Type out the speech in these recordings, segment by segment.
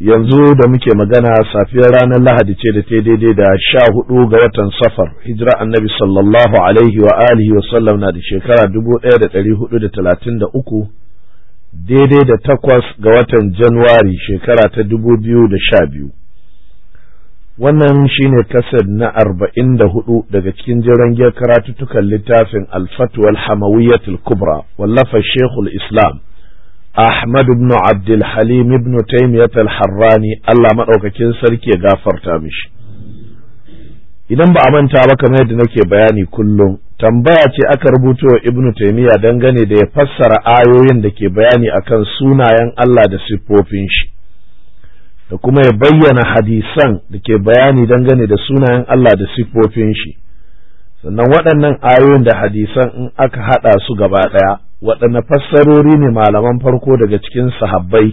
yanzu da muke magana safiyar ranar lahadi ce da ta daidai da sha hudu ga watan safar hijira annabi sallallahu alaihi wa alihi wa sallam na da shekara dubu ɗaya da dari hudu da talatin da uku daidai da takwas ga watan januwari shekara ta dubu biyu da sha biyu wannan shine kasar na arba'in da hudu daga cikin jirangiyar karatuttukan littafin alfatuwal hamawiyyatul kubra wallafa shekul islam Ahmad ibn Abdul Halim ibn Taymiyyah al-Harrani Allah madaukakin sarki ya gafarta mishi idan ba a manta ba kamar yadda nake bayani kullum tambaya ce aka rubuta wa Ibn Taymiyyah dangane da ya fassara ayoyin da ke bayani akan sunayen Allah da siffofin shi da kuma ya bayyana hadisan da ke bayani dangane da sunayen Allah da siffofin shi sannan waɗannan ayoyin da hadisan in aka haɗa su gaba ɗaya waɗanne fassarori ne malaman farko daga cikin sahabbai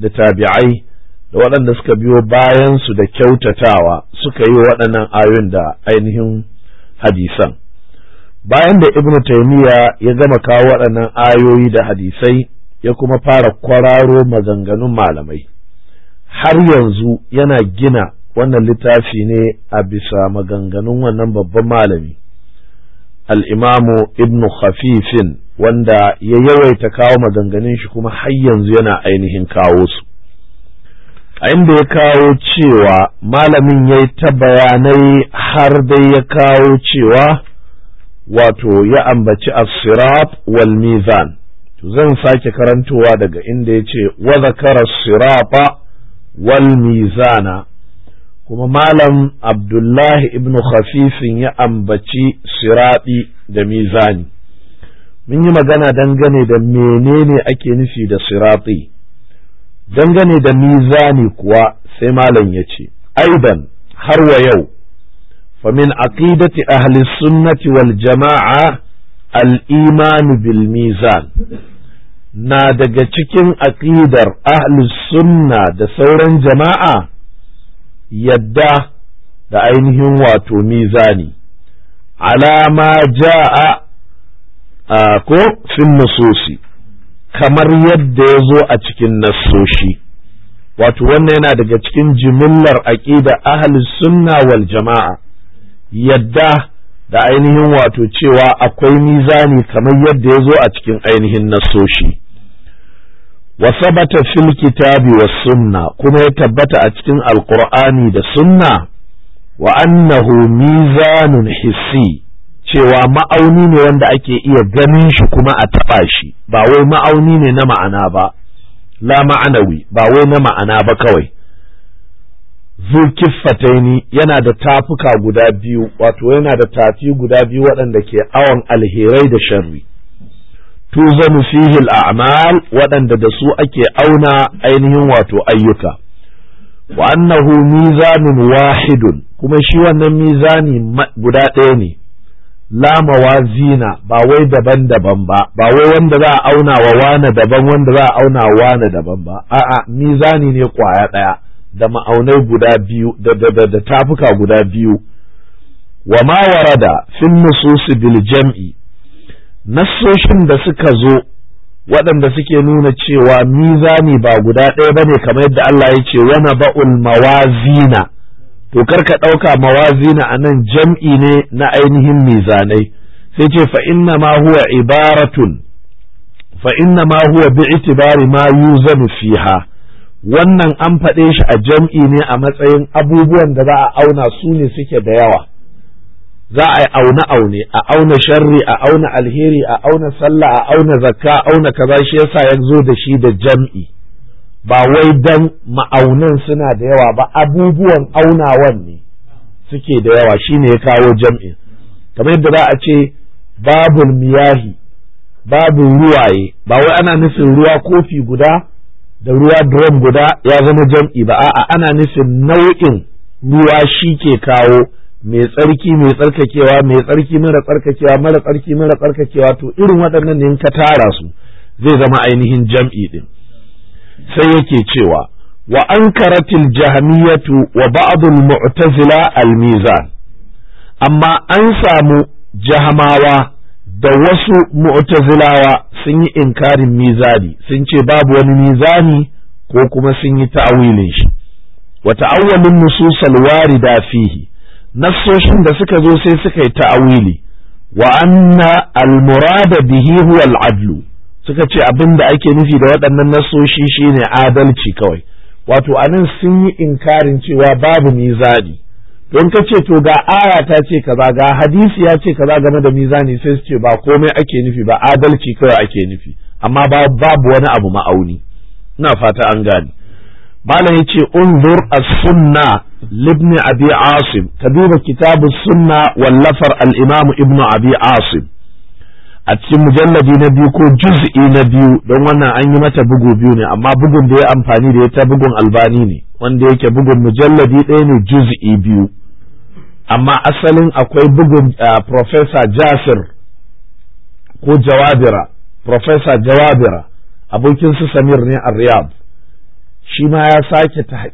da tabi'ai da waɗanda suka biyo bayan su da kyautatawa suka yi waɗannan ayoyin da ainihin hadisan bayan da ibnu taimiyya ya gama kawo waɗannan ayoyi da hadisai ya kuma fara kwararo maganganun malamai har yanzu yana gina wannan littafi ne a bisa maganganun wannan babban malami al'imamu ibnu khafifin wanda ya yawaita kawo maganganun shi kuma har yanzu yana ainihin kawo su a inda ya kawo cewa malamin ya yi ta bayanai har dai ya kawo cewa wato ya ambaci as-sirat wal mizan zan sake karantowa daga inda ya ce wa zakara wal mizana kuma malam abdullahi ibnu khafifin ya ambaci sirati da mizani mun yi magana dangane da menene ake nufi da sirati dangane da mizani kuwa sai malam ya ce aidan har wa yau famin aqidati ahli sunnati wal jama'a al-iman bil mizan na daga cikin aqidar ahli sunna da sauran jama'a yadda da ainihin wato mizani alama ja'a ko fin nususi kamar yadda ya zo a cikin nasoshi wato wannan yana daga cikin jimillar aqida ahli sunna wal jama'a yadda da ainihin wato cewa akwai mizani kamar yadda ya zo a cikin ainihin nasoshi. wa sabata fil kitabi was sunna kuma ya tabbata a cikin alqur'ani da sunna wa annahu mizanun hissi cewa ma'auni ne wanda ake iya ganin shi kuma a taɓa shi ba wai ma'auni ne na ma'ana ba la ma'anawi ba wai na ma'ana ba kawai zulkiffataini yana da tafuka guda biyu wato yana da tafi guda biyu waɗanda ke awon alherai da sharri tuzanu fihi al'amal waɗanda da su ake auna ainihin wato ayyuka wa annahu mizanun wahidun kuma shi wannan mizani guda ɗaya ne la mawazina ba wai daban-daban ba ba wai wanda za a auna wa wane daban wanda za a auna wa wane daban ba a'a mizani ne kwaya ɗaya da ma'aunai guda biyu da, tafuka guda biyu wa ma warada fil nususi bil jam'i nassoshin da suka zo waɗanda suke nuna cewa mizani ba guda ɗaya bane kamar yadda Allah ya ce wa ba'ul mawazina to karka ɗauka mawazina a nan jam'i ne na ainihin mizanai sai ce fa inna ma huwa ibaratun fa inna ma huwa bi itibari ma yuzanu fiha wannan an faɗe shi a jam'i ne a matsayin abubuwan da za a auna su ne suke da yawa za a auna aune aune a auna sharri a auna alheri a auna sallah a auna zakka a auna kaza shi yasa ya zo da shi da jam'i ba wai dan ma'aunin suna da yawa ba abubuwan aunawan ne suke da yawa shine ya kawo jam'in kamar yadda za a ce babul miyahi babu ruwaye ba wai ana nufin ruwa kofi guda da ruwa drum guda ya zama jam'i ba a'a ana nufin nau'in ruwa shi ke kawo mai tsarki mai tsarkakewa mai tsarki mara tsarkakewa mara tsarki mara tsarkakewa to irin waɗannan ne in ka tara su zai zama ainihin jam'i din sai yake cewa wa ankaratil jahmiyatu wa ba'dul mu'tazila al-mizan amma an samu jahamawa da wasu mu'tazilawa sun yi inkarin mizani sun ce babu wani mizani ko kuma sun yi ta'awilin shi wa ta'awwalin nususal warida fihi nassoshin da suka zo sai suka yi ta'awili wa anna al-murada bihi huwa al-adlu suka ce abin da ake nufi da waɗannan nasoshi shi ne adalci kawai wato anan sun yi inkarin cewa babu mizani don ka ce to ga aya ta ce kaza ga hadisi ya ce kaza game da mizani sai su ce ba komai ake nufi ba adalci kawai ake nufi amma babu wani abu ma'auni ina fata an gane malam yace unzur as-sunna libni abi asim ka duba kitabu sunna wallafar al Ibnu abi asim a cikin mujalladi na biyu ko juz'i na biyu don wannan an yi mata bugu biyu ne amma bugun da ya amfani da ya ta bugun albani ne wanda yake bugun mujalladi ɗaya ne juz'i biyu amma asalin akwai bugun professor jasir ko jawabira professor jawabira abokin su samir ne a riyadh shi ma ya sake ta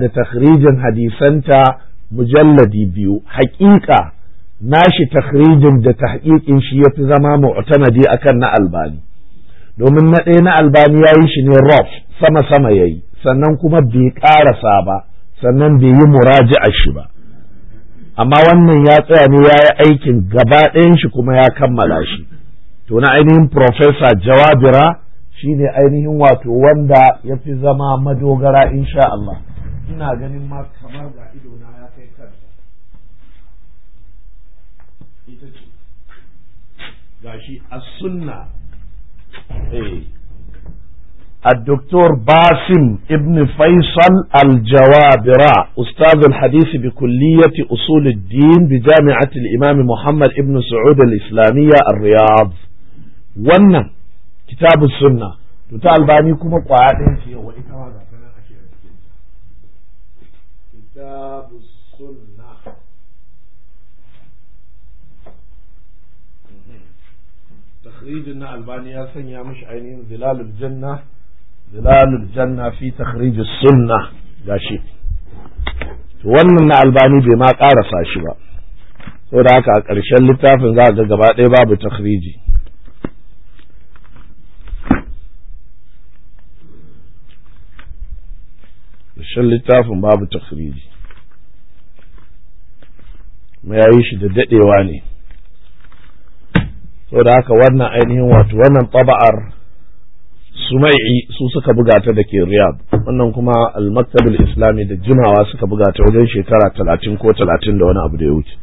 da tahrijin hadisanta mujalladi biyu haƙiƙa nashi takhrijin da tahqiqin shi yafi zama a akan na albani domin na ɗaya na albani ya yi shi ne rof sama sama ya yi sannan kuma bai ƙarasa ba sannan bai yi muraji'a shi ba amma wannan ya tsaya ne ya yi aikin gaba ɗayan shi kuma ya kammala shi to na ainihin profesa jawabira shi ne ainihin wato wanda ya fi zama madogara insha Allah ina ganin ma kamar ga idona gashi as-sunna eh. الدكتور باسم ابن فيصل الجوابرة أستاذ الحديث بكلية أصول الدين بجامعة الإمام محمد ابن سعود الإسلامية الرياض ون كتاب السنة تتعال بانيكم القواعد كتاب السنة takhrijin na albani ya sanya mishi ainihin zilalul janna zilalul janna fi takhrijis sunna gashi wannan na albani bai ma karasa shi ba da haka a ƙarshen littafin za ga gaba ɗaya babu takhriji ƙarshen littafin babu takhriji mai yayi shi da daɗewa ne saboda haka wannan ainihin wato wannan taba'ar sumai'i su suka buga ta da ke riyad wannan kuma al-maktabul islami da jimawa suka buga ta wajen shekara talatin ko talatin da wani abu da ya wuce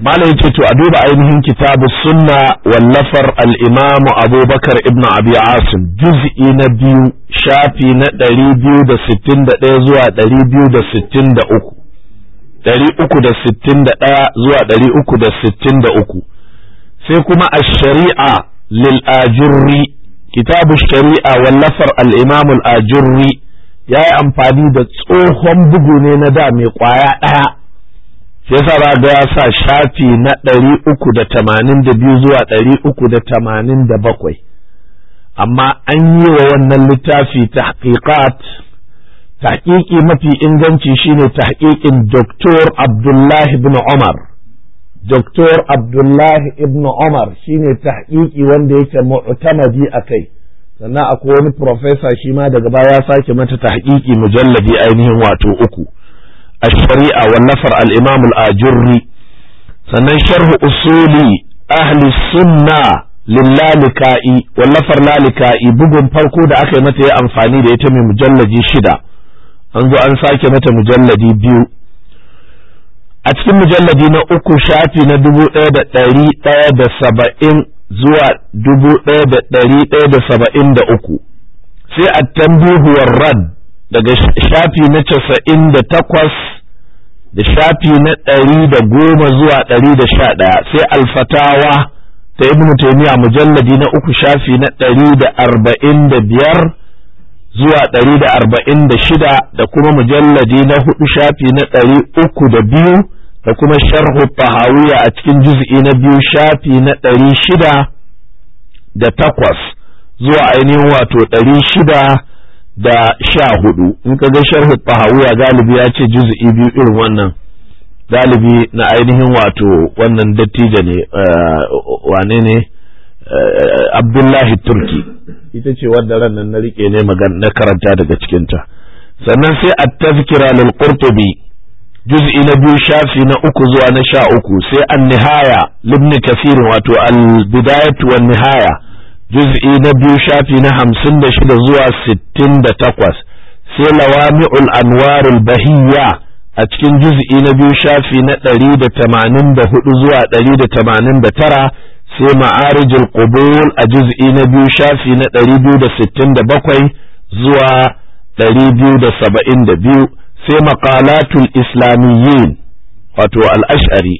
malam yace to a duba ainihin kitabu sunna wallafar al-imam abubakar ibn abi asim juz'i na biyu shafi na ɗari biyu da sittin da ɗaya zuwa ɗari biyu da sittin da uku ɗari uku da sittin da ɗaya zuwa ɗari uku da sittin da uku sai kuma a sharia lil ajurri kitabu shari'a wallafar al'imamul imam ajurri ya yi amfani da tsohon bugu ne na da mai kwaya ɗaya sai sa ya sa shafi na ɗari uku da tamanin da biyu zuwa ɗari uku da tamanin da bakwai amma an yi wa wannan littafi tahqiqat tahqiqi mafi inganci shine tahqiqin Doktor Abdullahi bin Umar Doktor Abdullahi ibn Omar shi ne tahqiqi wanda yake mu'tamadi a kai, sannan akwai wani profesa shi ma daga baya sake mata tahqiqi mujalladi ainihin wato uku, a shari'a wallafar al’imam al’ajirri, sannan sharhu usuli ahli sunna lillalika'i wallafar lalika'i bugun farko da aka yi mata ya amfani da ita mai mujallaji shida, an zo an sake mata mujalladi biyu. a cikin mujalladi na uku shafi na dubu ɗaya da ɗari ɗaya da saba'in zuwa dubu ɗaya da ɗari ɗaya da saba'in da uku sai a tambihuwar rad daga shafi na casa'in da takwas da shafi na ɗari da goma zuwa ɗari da sha ɗaya sai alfatawa ta ibnu a mujalladi na uku shafi na ɗari da arba'in da biyar zuwa ɗari da arba'in da shida da kuma mujalladi na hudu shafi na ɗari uku da biyu da kuma sharhu fahawiya a cikin juz'i na biyu shafi na ɗari shida da takwas zuwa ainihin wato ɗari shida da sha hudu in ka ga sharhu fahawiya galibi ya ce juz'i biyu irin wannan galibi na ainihin wato wannan dattijo ne eh, wane ne abdullahi turki ita ce wadda ran na rike ne na karanta daga cikinta sannan sai a tazkira lil qurtubi juz'i na biyu shafi na uku zuwa na sha uku sai an nihaya libni kasirin wato al bidayatu wa nihaya juz'i na biyu shafi na hamsin da shida zuwa sittin da takwas sai lawami'ul anwarul bahiyya a cikin juz'i na biyu shafi na ɗari da tamanin da hudu zuwa ɗari da tamanin da tara sai ma'arijin qubul a juz'i na biyu shafi na 267 zuwa 272 sai maqalatul islamiyyin wato al-ash'ari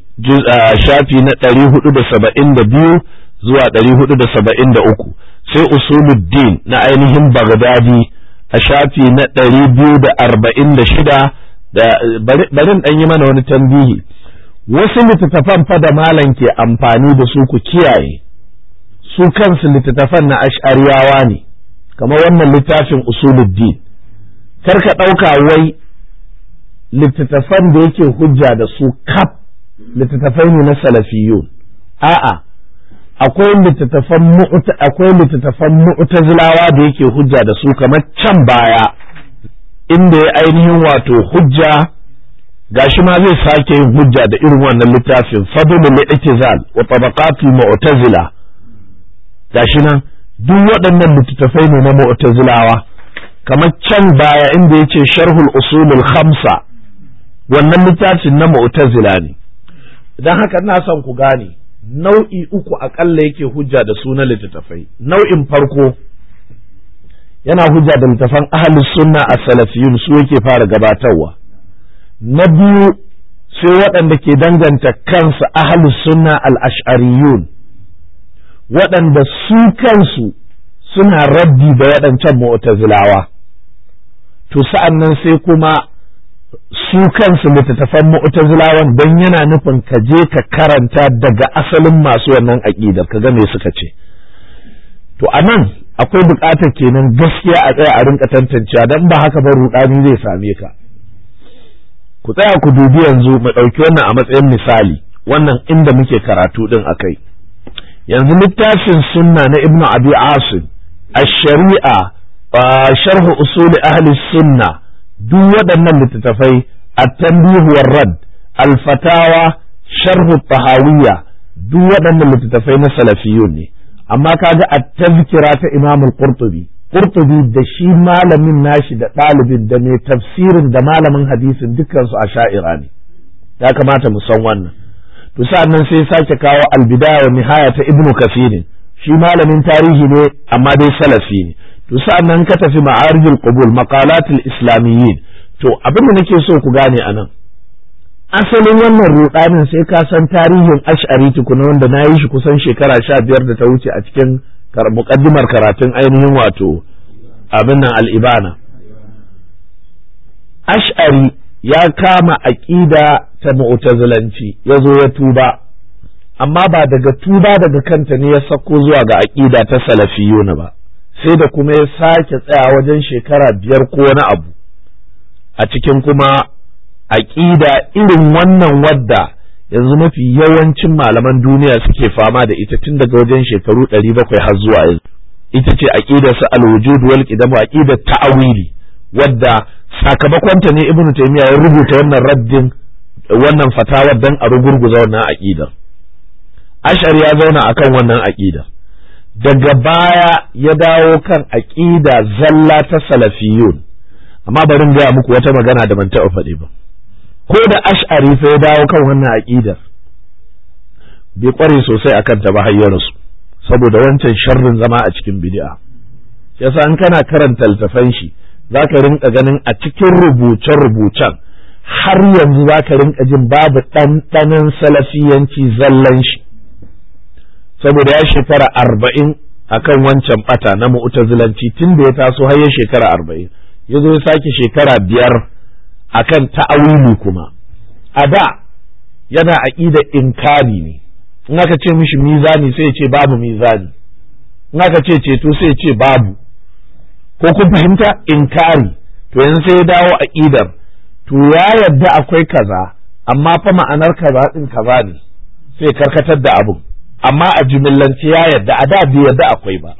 shafi na 472 zuwa 473 sai usuluddin na ainihin bagdadi a shafi na 246 da barin dan yi mana wani tambihi wasu littattafan fa da malam ke amfani da su ku kiyaye su kansu littattafan na ash'ariyawa ne kamar wannan littafin usuluddin kar ka ɗauka wai littattafan da yake hujja da su kaf littattafai ne na salafiyun a'a akwai littattafan mu'ta akwai littattafan mu'tazilawa da yake hujja da su kamar can baya inda ya ainihin wato hujja gashi ma zai sake yin hujja da irin wannan littafin fadlul i'tizal wa tabaqati mu'tazila gashi nan duk waɗannan littafai ne na mu'tazilawa kamar can baya inda yace sharhul usulul khamsa wannan littafin na mu'tazila ne dan haka ina son ku gane nau'i uku a akalla yake hujja da sunan littafai nau'in farko yana hujja da littafan ahlus sunna as-salafiyun su yake fara gabatarwa na biyu sai waɗanda ke danganta kansu ahalus sunna al waɗanda su kansu suna raddi da waɗancan mu'tazilawa to sa'an nan sai kuma su kansu littattafan mu'tazilawan don yana nufin ka je ka karanta daga asalin masu wannan aƙidar ka ga me suka ce to a nan akwai buƙatar kenan gaskiya a tsaya a rinka tantancewa don ba haka ba ruɗani zai same ka ku tsaya ku dubi yanzu mu ɗauki wannan a matsayin misali wannan inda muke karatu ɗin a kai yanzu littafin sunna na ibnu abi asim a shari'a sharhu usuli ahli sunna duk waɗannan littattafai at-tanbihu rad Alfatawa, sharhu tahawiyya duk waɗannan littattafai na salafiyun ne amma kaga at-tazkira ta imamul qurtubi ƙurtubi da shi malamin nashi da ɗalibin da mai tafsirin da malamin hadisin dukkansu a sha'ira ne ya kamata mu san wannan to nan sai sake kawo albidaya wa nihaya ta ibnu kafirin shi malamin tarihi ne amma dai salafi ne to nan ka tafi ma'arijul kabul, maqalatul islamiyyin to abin da nake so ku gane anan asalin wannan rudanin sai ka san tarihin ash'ari tukuna wanda na yi shi kusan shekara sha biyar da ta wuce a cikin muƙaddimar karatun ainihin wato abin nan al'ibana ash'ari ya kama aƙida ta mu'tazilanci ya zo ya tuba amma ba daga tuba daga kanta ne ya sako zuwa ga aƙida ta salafiyuna ba sai da kuma ya sake tsaya wajen shekara biyar ko wani abu a cikin kuma aƙida irin wannan wadda yanzu mafi yawancin malaman duniya suke fama da ita tun daga wajen shekaru ɗari bakwai har zuwa yanzu ita ce aƙidar su al-wujud wal aqidar ta'awili wadda sakamakonta ta ne ibnu taymiya ya rubuta wannan raddin wannan fatawa dan a rugurguza wannan aqidar ashar ya zauna akan wannan aƙidar. daga baya ya dawo kan aqida zalla ta salafiyun amma bari in gaya muku wata magana da ban taɓa faɗi ba ko da ash'ari sai dawo kan wannan aƙidar bai ƙware sosai a ta ba saboda wancan sharrin zama a cikin bid'a yasa in kana karanta littafan shi zaka rinka ganin a cikin rubuce-rubucen har yanzu zaka rinka jin babu ɗanɗanon salafiyanci zallan shi saboda ya shekara arba'in akan wancan bata na mu'tazilanci tun da ya taso har ya shekara arba'in ya zo ya sake shekara biyar akan ta'awili kuma a da yana aƙida inkari ne in aka ce mishi mizani sai ce babu mizani in aka ce ceto sai ce babu ko kun fahimta inkari to yanzu sai ya dawo aƙidar to ya yarda akwai kaza amma fa ma'anar kaza din kaza ne sai karkatar da abun amma a jimillance ya yarda a da bai yarda akwai ba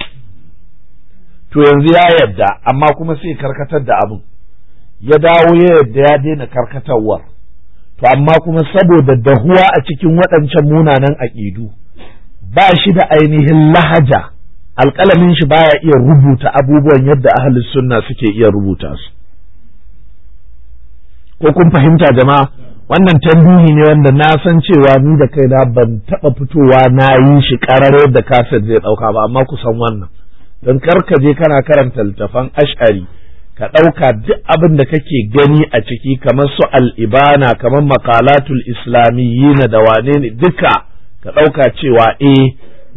to yanzu ya yarda amma kuma sai karkatar da abun ya dawo ya yadda ya daina karkatawar to amma kuma saboda dahuwa a cikin waɗancan munanan aƙidu ba shi da ainihin lahaja alƙalamin shi baya iya rubuta abubuwan yadda ahalin sunna suke iya rubuta su ko kun fahimta jama'a wannan tambihi ne wanda na san cewa ni da kaina ban taɓa fitowa na yi shi ƙarare da kaset zai ɗauka ba amma ku san wannan don karka je kana karanta littafan ash'ari ka ɗauka duk abin da kake gani a ciki kamar su al'ibana kamar makalatul na da wane ne duka ka ɗauka cewa eh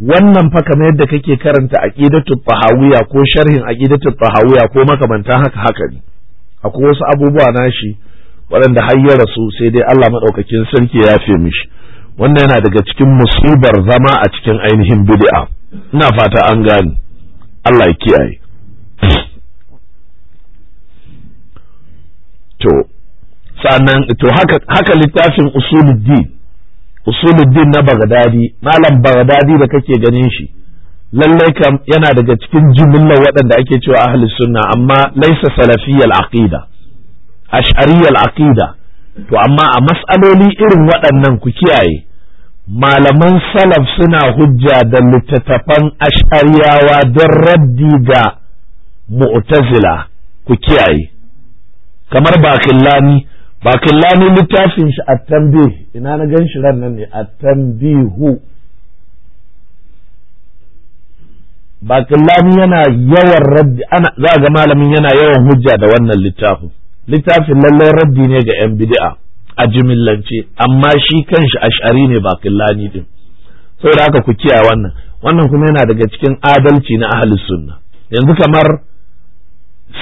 wannan fa kamar yadda kake karanta aqidatul fahawiya ko sharhin aqidatul fahawiya ko makamantan haka haka ne akwai wasu abubuwa nashi waɗanda har ya rasu sai dai Allah maɗaukakin sarki ya yafe mishi wannan yana daga cikin musibar zama a cikin ainihin bid'a ina fata an gani. Allah ya kiyaye to sannan to haka haka littafin usuluddin usuluddin na bagadadi malam bagadadi da kake ganin shi lallai kam yana daga cikin jimillar waɗanda ake cewa ahli sunna amma laisa salafiyyal aqida ash'ariyyal aqida to amma a mas'aloli irin waɗannan ku kiyaye malaman salaf suna hujja da littattafan ash'ariyawa don raddi ga mu'tazila ku kiyaye kamar bakillani bakillani littafin shi a tambi ina na gan shi ran nan ne at-tanbihu bakillani yana yawan raddi ana za ga malamin yana yawan hujja da wannan littafin littafin lallai raddi ne ga yan bid'a a jimillance amma shi kanshi ash'ari ne bakillani din saboda haka ku kiyaye wannan wannan kuma yana daga cikin adalci na ahlus sunna yanzu kamar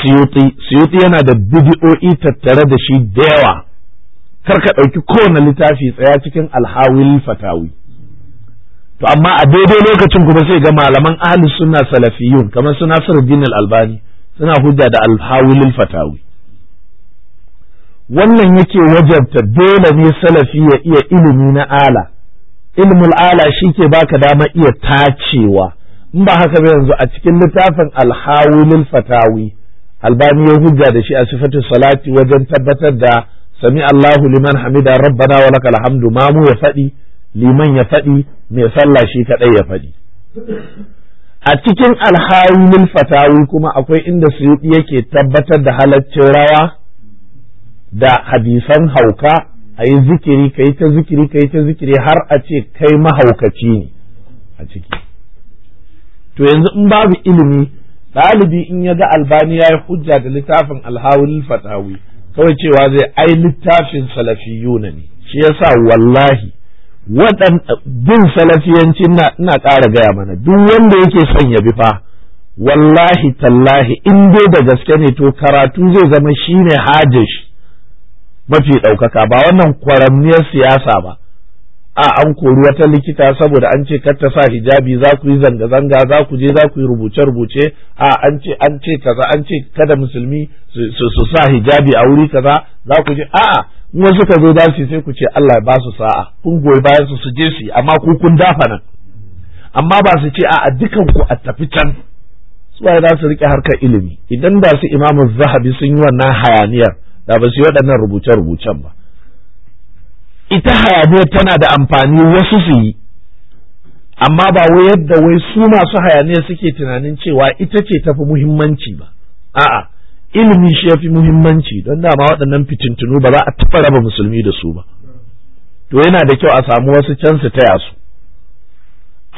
suyuti suyuti yana da bidi'o'i tattare da shi da yawa kar ka ɗauki kowane littafi tsaya cikin alhawil fatawi to amma a daidai lokacin kuma sai ga malaman ahli sunna salafiyun kamar su Nasiruddin al-Albani suna hujja da alhawil fatawi wannan yake wajabta dole ne salafi ya iya ilimi na ala ilmul ala shike baka dama iya tacewa in ba haka ba yanzu a cikin littafin alhawil fatawi albani ya hujja da shi a sifatu salati wajen tabbatar da sami Allahu liman hamida rabbana wa lakal hamdu mamu ya faɗi liman ya faɗi mai sallah shi kaɗai ya faɗi a cikin alhawilul fatawi kuma akwai inda suyuɗi yake tabbatar da halaccin rawa da hadisan hauka a yi zikiri ka yi ta zikiri ka yi ta zikiri har a ce kai mahaukaci ne a ciki to yanzu in babu ilimi ɗalibi in ya ga albani ya yi hujja da littafin alhawul fatawi kawai cewa zai ai littafin salafiyuna ne shi yasa wallahi waɗan bin salafiyanci ina ƙara gaya mana duk wanda yake son ya bi fa wallahi tallahi in dai da gaske ne to karatu zai zama shine hajish mafi ɗaukaka ba wannan kwaramniyar siyasa ba a an kori wata likita saboda an ce kar ta sa hijabi za ku yi zanga-zanga za ku je za ku yi rubuce-rubuce a an ce an ce kaza an ce kada musulmi su sa hijabi a wuri kaza za ku je a'a in wasu ka zo za su sai ku ce Allah ya ba su sa'a kun goyi bayan su su je su amma ku kun dafa nan amma ba su ce a'a dukan ku a tafi can su ba za su rike harkar ilimi idan ba su imamu zahabi sun yi wannan hayaniyar da ba su yi waɗannan rubuce-rubucen ba ita hayaniyar tana da amfani wasu su yi amma ba wai yadda wai su masu hayaniyar suke tunanin cewa ita ce tafi muhimmanci ba a'a ilimi shi ya fi muhimmanci don dama waɗannan fitintunu ba za a taɓa raba musulmi da su ba to yana da kyau a samu wasu can su taya su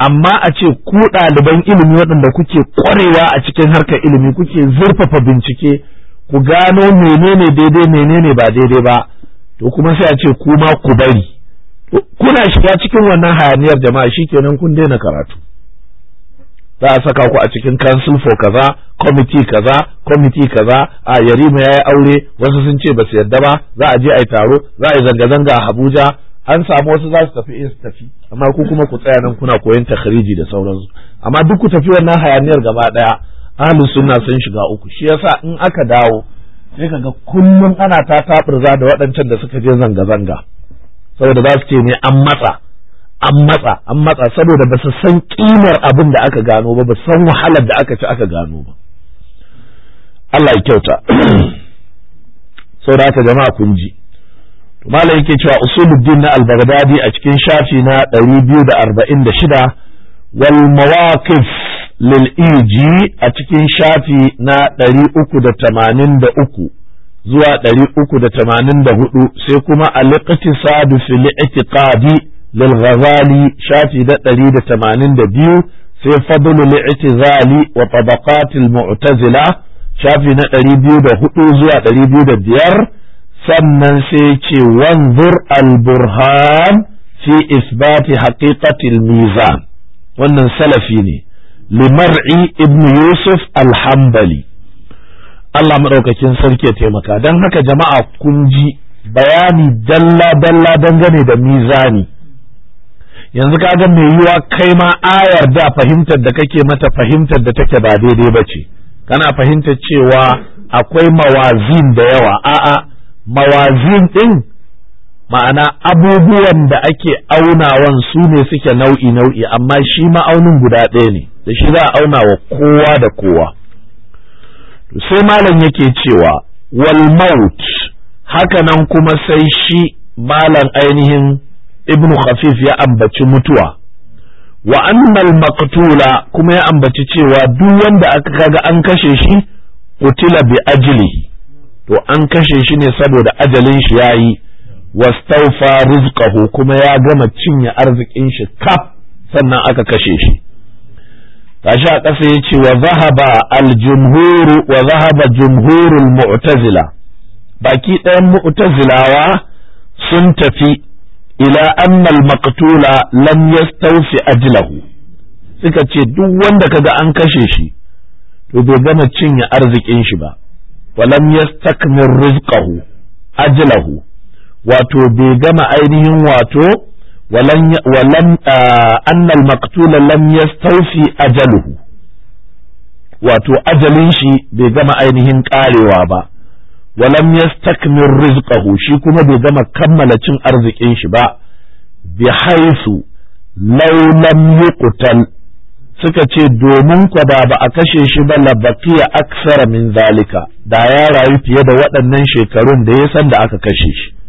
amma a ce ku ɗaliban ilimi waɗanda kuke ƙwarewa a cikin harkar ilimi kuke zurfafa bincike ku gano menene daidai menene ba daidai ba to kuma sai a ce kuma ku bari kuna shiga cikin wannan hayaniyar jama'a shikenan kun daina karatu za a saka ku a cikin council for kaza committee kaza committee kaza a yarima yayi aure wasu sun ce ba su yarda ba za a je a taro za a yi zanga-zanga a Abuja an samu wasu za su tafi in su tafi amma ku kuma ku tsaya nan kuna koyon takhriji da sauransu amma duk ku tafi wannan hayaniyar gaba daya ahlus sunna sun shiga uku shi yasa in aka dawo sai ga kullum ana ta taɓurza da waɗancan da suka je zanga-zanga saboda za su ce ne an matsa an matsa an matsa saboda ba su san ƙimar abin da aka gano ba ba san wahalar da aka ci aka gano ba Allah ya kyauta saboda aka jama'a kun ji malam yake cewa usuluddin na al-baghdadi a cikin shafi na 246 wal mawaqif lil'iji a cikin shafi na ɗari uku da tamanin da uku zuwa ɗari uku da tamanin da hudu sai kuma a al sadu fil i'tiqadi lil ghazali shafi da ɗari da tamanin da biyu sai fadlul i'tizali wa tabaqatil mu'tazila shafi na ɗari biyu da hudu zuwa ɗari biyu da biyar sannan sai ce wanzur al-burhan fi isbati haqiqatil mizan wannan salafi ne limar'i ibn yusuf alhambali Allah maɗaukakin sarki ya taimaka don haka jama'a kun ji bayani dalla-dalla dangane da mizani yanzu kaga mai yiwa kai ma ayar da fahimtar da kake mata fahimtar da take ba daidai ba ce kana fahimtar cewa akwai mawazin da yawa a'a mawazin ɗin ma'ana abubuwan da ake aunawan su ne suke nau'i nau'i amma shi ma'aunin guda ɗaya ne da shi za a auna wa kowa da kowa sai malam yake cewa wal maut hakanan kuma sai shi malam ainihin ibnu khafif ya ambaci mutuwa wa annal maqtula kuma ya ambaci cewa duk wanda aka kaga an kashe shi kutila bi ajlihi to an kashe shi ne saboda ajalin shi yayi wastaufa rizqahu kuma ya gama cinye arzikin shi kaf sannan aka kashe shi tashi a ƙasa ya ce wa zahaba aljumhuru wa zahaba jumhurul mu'tazila baki ɗayan mu'tazilawa sun tafi ila annal maqtula lam yastawfi ajlahu suka ce duk wanda kaga an kashe shi to bai gama cinye arzikin shi ba wa lam yastakmir rizqahu ajlahu wato bai gama ainihin wato walan annal maktula lam yastawfi ajaluhu wato ajalin shi bai gama ainihin karewa ba walam yastakmir rizqahu shi kuma bai gama kammala cin arzikin shi ba bi haythu law lam yuqtal suka ce domin kwa da ba a kashe shi ba la baqiya aksara min zalika da ya rayu fiye da waɗannan shekarun da ya san da aka kashe shi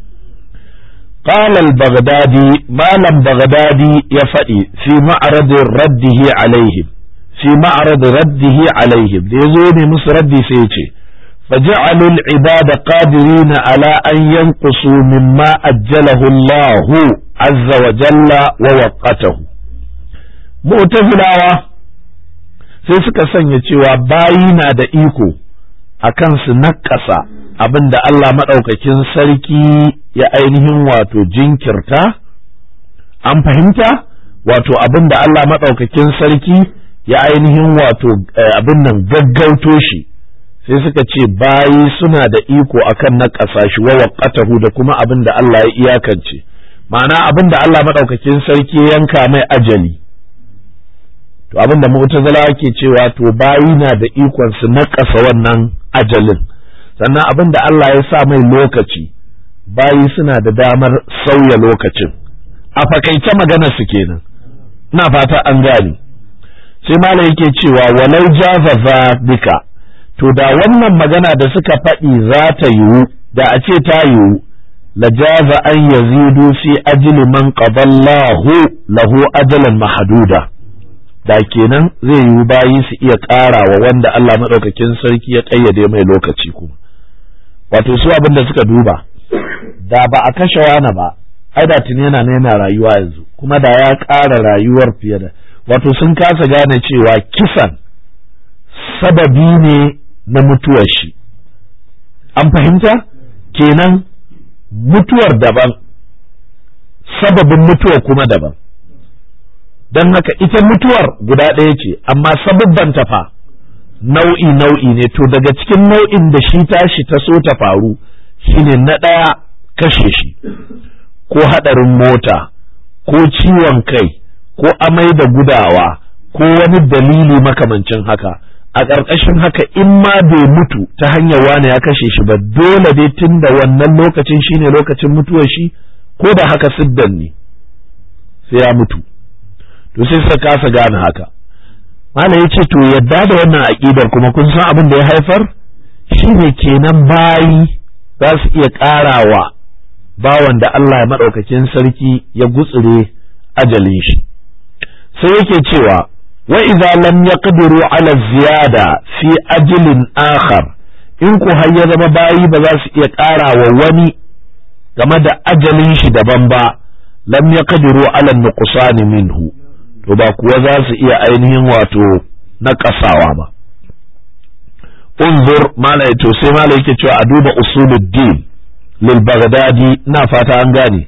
قال البغدادي مال البغدادي يفدي في معرض رده عليهم في معرض رده عليهم يزوني مس ردي سيتي فجعل العباد قادرين على أن ينقصوا مما أجله الله عز وجل ووقته مؤتفلاوة sai suka sanya cewa bayi na da iko a kan su nakasa abin ya ainihin wato jinkirta an fahimta wato abin da Allah maɗaukakin sarki ya ainihin wato eh, abin nan gaggauto shi sai suka ce bayi suna da iko akan na ƙasa shi wa waƙatahu da kuma abin da Allah ya iyakance ma'ana abin da Allah maɗaukakin sarki ya yanka mai ajali to abin da mu'tazila ke cewa to bayi na da ikon su na ƙasa wannan ajalin sannan abin da Allah ya sa mai lokaci bayi suna da damar sauya lokacin a fakaice maganar su kenan ina fata an gane sai malam yake cewa walau jazaza duka to da wannan magana da suka faɗi za ta yiwu da a ce ta yiwu la jaza an yazidu fi ajli man qadallahu lahu ajalan mahduda da kenan zai yiwu bayi su iya ƙara wanda Allah madaukakin sarki ya ƙayyade mai lokaci kuma wato su abinda suka duba da ba a kashe wani ba ai da tuni yana yana rayuwa yanzu kuma da ya ƙara rayuwar fiye da wato sun kasa gane cewa kisan sababi ne na mutuwar shi an fahimta kenan mutuwar daban sababin mutuwar kuma daban don haka ita mutuwar guda ɗaya ce amma sababbanta fa nau'i nau'i ne to daga cikin nau'in da shi tashi ta so ta faru shine na ɗaya kashe shi ko haɗarin mota ko ciwon kai ko amai da gudawa ko wani dalili makamancin haka a ƙarƙashin haka in ma bai mutu ta hanyar wane ya kashe shi ba dole dai tun da wannan lokacin shine lokacin mutuwar shi ko da haka siddan ne sai ya mutu to sai suka kasa gane haka malam ya ce to yadda da wannan aƙidar kuma kun san abin da ya haifar shine kenan bayi za su iya ƙarawa bawan da Allah ya maɗaukacin sarki ya gutsure ajalin shi sai yake cewa wa idza lam yaqdiru ala ziyada fi ajlin akhar in ku har ya zama bayi ba za su iya ƙarawa wani game da ajalin shi daban ba lam yaqdiru ala nuqsan minhu to ba kuwa za su iya ainihin wato na kasawa ba unzur mala to sai mala yake cewa a duba usuluddin lil baghdadi na fata an gane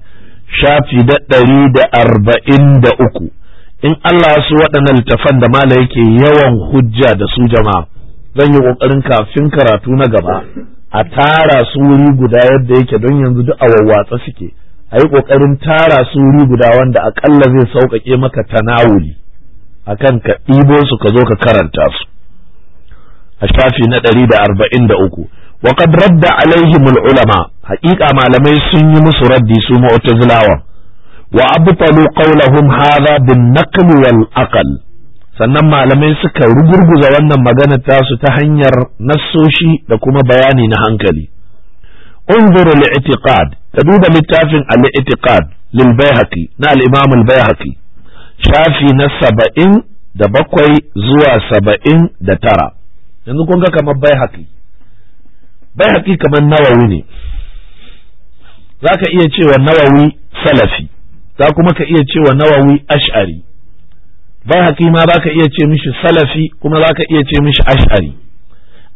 shafi da ɗari da arba'in da uku in Allah su waɗannan littafan da mala yake yawan hujja da su jama'a zan yi ƙoƙarin kafin karatu na gaba a tara su wuri guda yadda yake don yanzu duk a wawwatsa suke a yi ƙoƙarin tara su wuri guda wanda aƙalla zai sauƙaƙe maka tanawuli akan ka ɗibo su ka zo ka karanta su a shafi na ɗari da arba'in da uku wa qad radda alaihimul ulama haƙiƙa malamai sun yi musu raddi su mu'tazilawa wa abtalu qawlahum hadha bin naql wal sannan malamai suka rugurguza wannan magana tasu ta hanyar nassoshi da kuma bayani na hankali انظر الاعتقاد تدود للتافن الاعتقاد للبيهقي نا الامام Shafi na saba'in da bakwai zuwa saba'in da tara yanzu kun ga kamar bai haƙi bai haƙi kamar nawawi ne za ka iya cewa nawawi salafi za kuma ka iya cewa nawawi ash'ari bai haƙi ma za ka iya ce mishi salafi kuma za ka iya ce mishi ash'ari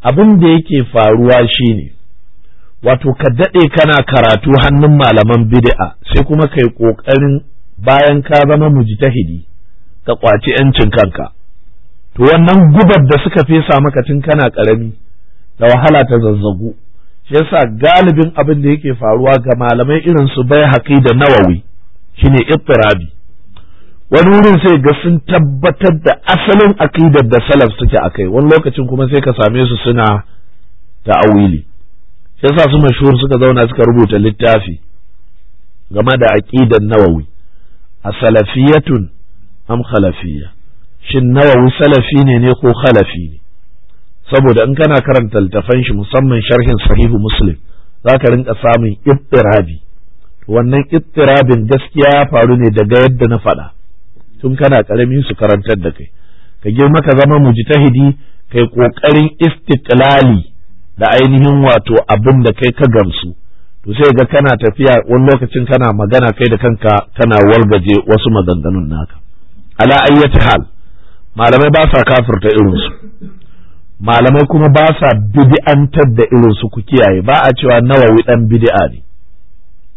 abin da yake faruwa shine wato ka daɗe kana karatu hannun malaman bid'a sai kuma kai ƙoƙarin bayan ka zama mujtahidi ka kwaci 'yancin kanka to wannan gubar da suka fesa maka tun kana karami da wahala ta zazzagu shi yasa galibin abin da yake faruwa ga malamai irin su bai haƙi da nawawi shine ittirabi wani wurin sai ga sun tabbatar da asalin aqidar da salaf suke akai wani lokacin kuma sai ka same su suna ta'awili shi yasa su mashhur suka zauna suka rubuta littafi game da aqidar nawawi a salafiyatun am khalafiyya shin nawa salafi ne ne ko khalafi ne saboda in kana karanta littafan shi musamman sharhin sahihu muslim za ka rinka samun ittirabi wannan ittirabin gaskiya ya faru ne daga yadda na faɗa tun kana karamin su karantar da kai ka girma ka zama mujtahidi kai ƙoƙarin istiqlali da ainihin wato abin da kai ka gamsu to sai ga kana tafiya wani lokacin kana magana kai da kanka kana wargaje wasu maganganun naka ala ayyati hal malamai ba sa kafirta irinsu malamai kuma ba sa da irinsu ku kiyaye ba a cewa nawawi dan bidi'a ne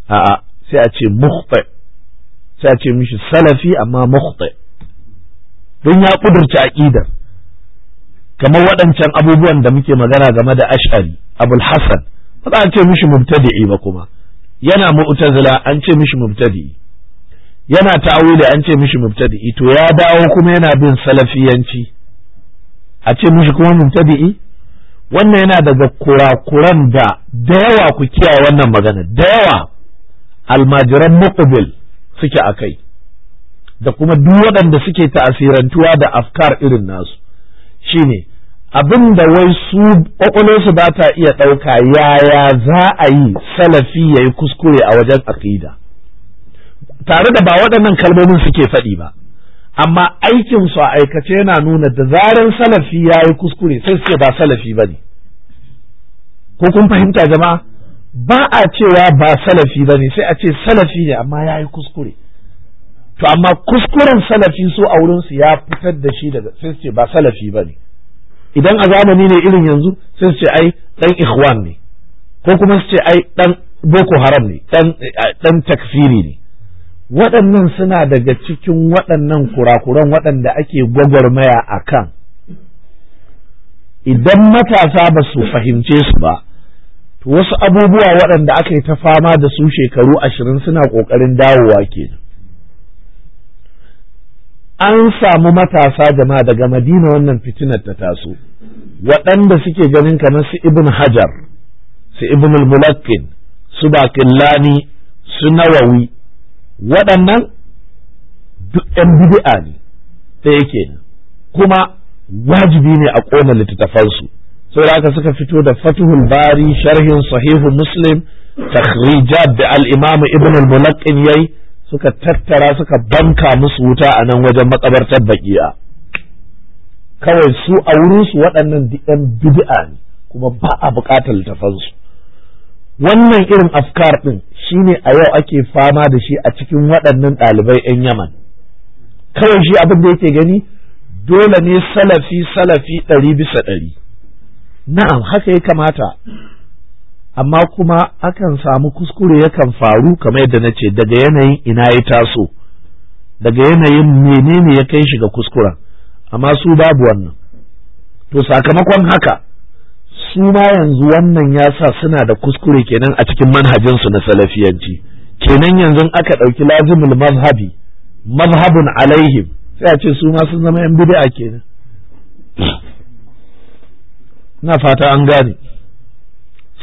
a'a sai a ce mukhta sai a ce mishi salafi amma mukhta don ya kudurci aqidar kamar waɗancan abubuwan da muke magana game da ash'ari abul hasan ba za a ce mishi mubtadi'i ba kuma yana mu'tazila an ce mishi mubtadi'i yana ta'awili an ce mishi mubtadi'i to ya dawo kuma yana bin salafiyanci a ce mishi kuma mubtadi'i wannan yana daga kurakuran da da yawa ku kiyaye wannan magana da yawa almajiran muqbil suke a kai da kuma duk waɗanda suke ta'asirantuwa da afkar irin nasu shine abin da wai su ƙwaƙwalwarsu ba ta iya ɗauka yaya za a yi salafi ya yi kuskure a wajen aƙida tare da ba waɗannan kalmomin suke faɗi ba amma aikin su a aikace yana nuna da zaren salafi ya yi kuskure sai suke ba salafi ba ne ko kun fahimta jama'a ba a cewa ba salafi ba ne sai a ce salafi ne amma ya yi kuskure to amma kuskuren salafi su a wurinsu ya fitar da shi daga sai su ba salafi ba ne idan a zamani ne irin yanzu sai su ce ai dan ikhwan ne ko kuma su ce ai dan boko haram ne dan eh, takfiri ne waɗannan suna daga cikin waɗannan kurakuran waɗanda ake gwagwarmaya a kan idan matasa ba su fahimce su ba to wasu abubuwa waɗanda aka yi ta fama da su shekaru ashirin suna ƙoƙarin dawowa ke. an samu matasa jama'a daga madina wannan fitinar ta taso waɗanda suke ganin kamar su ibn hajar su ibn al su bakillani su nawawi waɗannan duk ɗan bid'a ne ɗaya kenan kuma wajibi ne a ƙona littattafansu saboda haka suka fito da fatuhul bari sharhin sahihu muslim takhrijat da al-imam ibn al-mulaqqin yayi suka tattara suka banka musu wuta a nan wajen makabartar baƙi'a. kawai su a wurinsu waɗannan duk ɗan bid'a ne kuma ba a buƙatar littafansu wannan irin afkar ɗin shine a yau ake fama da shi a cikin waɗannan ɗalibai 'yan yaman kawai shi abin da yake gani dole ne salafi salafi ɗari bisa ɗari na'am haka ya kamata amma kuma akan samu kuskure yakan faru kamar yadda na ce daga yanayin ina ya taso daga yanayin menene ya kai shi ga kuskuren amma su babu wannan to sakamakon haka su ma yanzu wannan ya sa suna da kuskure kenan a cikin manhajinsu na salafiyanci kenan yanzu aka ɗauki lazimul mazhabi mazhabun alaihim sai a ce su ma sun zama yan bid'a kenan na fata an gane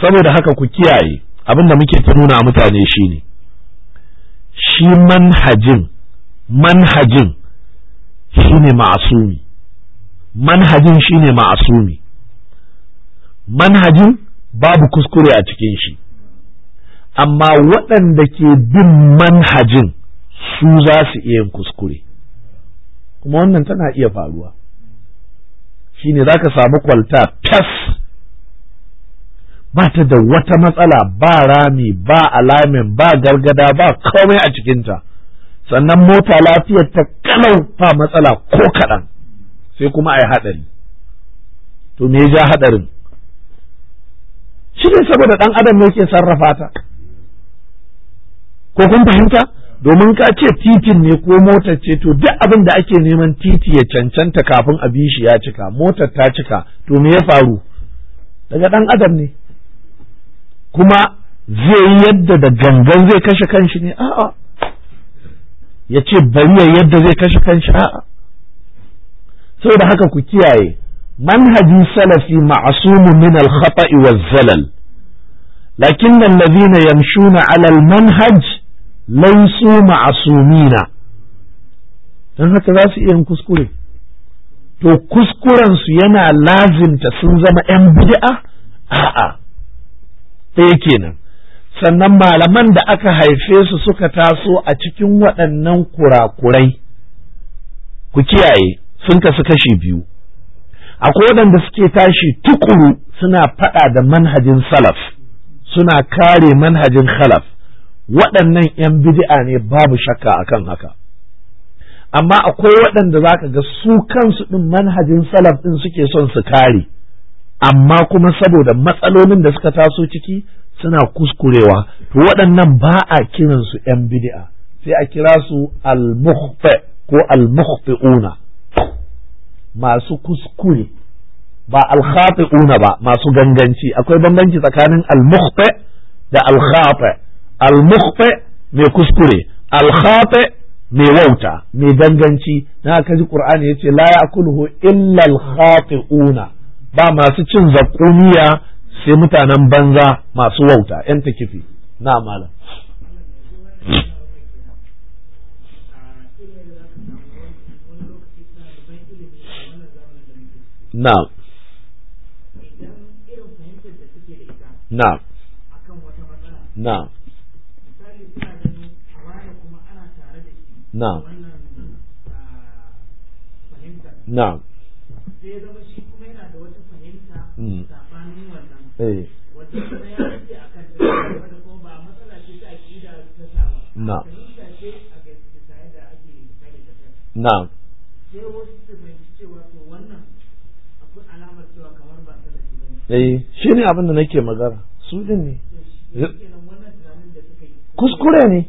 saboda haka ku kiyaye abin da muke ta nuna mutane shine shi manhajin manhajin shine ma'asumi manhajin shine ma'asumi manhajin babu kuskure a cikin shi amma waɗanda ke bin manhajin su za su iya yin kuskure kuma wannan tana iya faruwa shine za ka samu kwalta tas ba ta da wata matsala ba rami ba alamin ba gargada ba komai a cikinta sannan mota lafiyar ta kalau ba matsala ko kaɗan sai kuma a yi haɗari to me ya ja haɗarin shi ne saboda ɗan adam ne ke sarrafa ta ko kun fahimta domin ka ce titin ne ko motar ce to duk abin da ake neman titi ya cancanta kafin a bi shi ya cika motar ta cika to me ya faru daga ɗan adam ne kuma zai yi yadda da gangan zai kashe kanshi ne a'a ya ce bari ya yadda zai kashe kanshi a'a saboda haka ku kiyaye manhaji salafi ma'asumu min al-khata'i wa zalal lakin allazina yamshuna 'ala al-manhaj laysu ma'asumina dan haka za su iya kuskure to kuskuren su yana lazimta sun zama yan bid'a a'a kenan sannan malaman da aka haife su suka taso a cikin waɗannan kurakurai ku kiyaye sun kasu kashi biyu akwai waɗanda suke tashi tukuru suna faɗa da manhajin salaf suna kare manhajin khalaf waɗannan 'yan bid'a ne babu shakka akan haka amma akwai waɗanda za ka ga su kansu ɗin manhajin salaf ɗin suke son su kare amma kuma saboda matsalolin da suka taso ciki suna kuskurewa to waɗannan ba a kiransu 'yan bid'a sai a kira su al ko al-mukhfi'una masu kuskure ba alkhati'una ba masu ganganci akwai bambanci tsakanin almukhti da alkhati almukhti mai kuskure alkhafe mai wauta mai ganganci na kaji qur'ani yace la ya'kuluhu illa alkhati'una ba masu cin zakumiya sai mutanen banza masu wauta yan takifi na malam na'am na'am na'am na'am na'am Na. Na. Na. da a ba sa na'am wannan eh shi ne abin da nake magana su din ne kuskure ne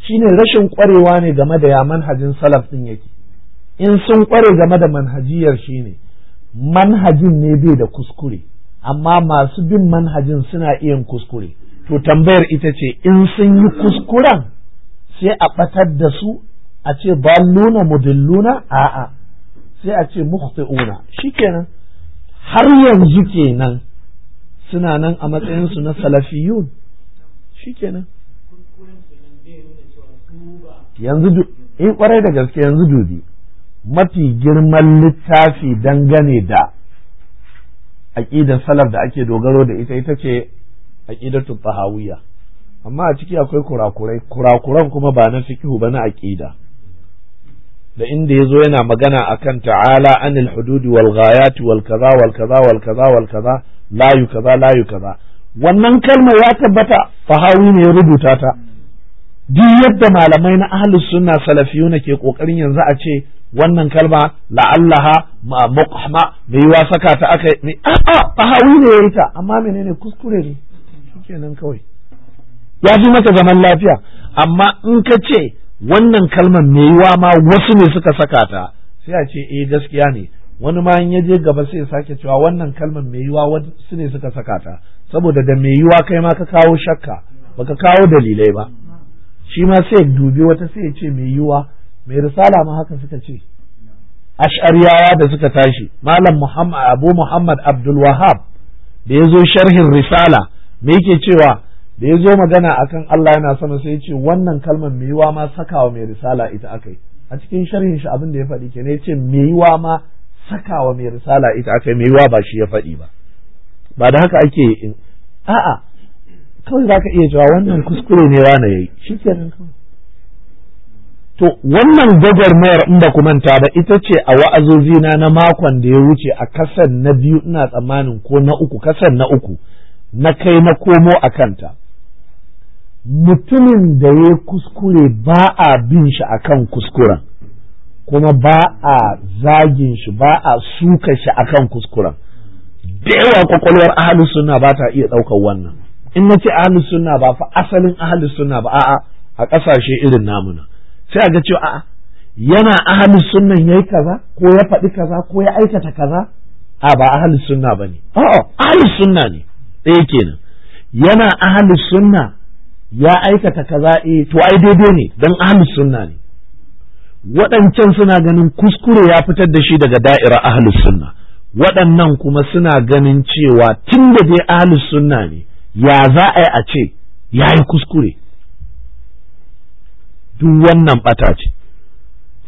shi ne rashin ƙwarewa ne game da ya manhajin salaf din yake in sun ƙware game da manhajiyar shi ne manhajin ne bai da kuskure amma masu bin manhajin suna iya kuskure to tambayar ita ce in sun yi kuskuren sai a ɓatar da su a ce ba luna mudilluna a'a sai a ce shi kenan. har yanzu kenan suna nan a matsayinsu na salafiyun shi kenan yanzu in kwarai eh, da gaske yanzu dubi mafi girman littafi dangane da aƙidar salaf da ake dogaro da ita ita ce aƙidar tahawiyya amma a ciki akwai kurakurai kurakuran kuma ba na fikihu ba na aƙida da inda yazo yana magana a kan ta'ala anil hududi wal ghayat wal kaza wal kaza wal kaza wal kaza la yu kaza la yu kaza wannan kalma ya tabbata fahawi ne ya rubuta ta duk yadda malamai na ahlus sunna salafiyuna ke kokarin yanzu a ce wannan kalma la'allaha ma muqhama me wa saka ta aka a a fahawi ne yayi ta amma menene kuskure ne shikenan kawai ya fi mata zaman lafiya amma in ka ce wannan kalmar mai yiwa ma wasu ne suka saka ta sai a ce eh gaskiya ne wani ma in ya je gaba sai ya sake cewa wannan kalmar mai yiwa wasu ne suka saka ta saboda da mai yiwa kai ma ka kawo shakka baka kawo dalilai ba shi ma sai dubi wata sai ya ce mai yiwa mai risala ma haka suka ce ash'ariyawa da suka tashi malam muhammad abu muhammad abdul wahab da yazo sharhin risala me yake cewa da ya zo magana akan Allah yana sanar sai ya ce wannan kalmar mai yiwa ma sakawa mai risala ita aka yi. a cikin sharhin shi abin da ya faɗi kenan ya ce mai yiwa ma sakawa mai risala ita aka yi. mai yiwa ba shi ya faɗi ba ba da haka ake in a'a kawai za ka iya cewa wannan kuskure ne wa na yayi shi kenan to wannan gwagwarmayar in ba ku manta ba ita ce a wa'azozina na makon da ya wuce a kasan na biyu ina tsammanin ko na uku kasan na uku na kai na komo a kanta mutumin da ya kuskure ba a bin shi a kan kuskuren kuma ba a zagin shi ba a suka shi a kan kuskuren da yawa kwakwalwar ahalus suna ba ta iya ɗaukar wannan in na ce ahalus suna ba fa asalin ahalus suna ba a'a a ƙasashe irin namuna sai a ga cewa a'a yana ahalus sunnan yi kaza ko ya faɗi kaza ko ya aikata kaza a ba ahalus sunna ne. a'a ahalus sunna ne ɗaya kenan yana ahalus sunna ya aikata kaza eh to ai daidai ne dan ahlus sunna ne waɗancan suna ganin kuskure ya fitar da shi daga da'ira ahlus sunna waɗannan kuma suna ganin cewa tun da dai ahlus sunna ne ya za a yi a ce ya yi kuskure duk wannan bata ce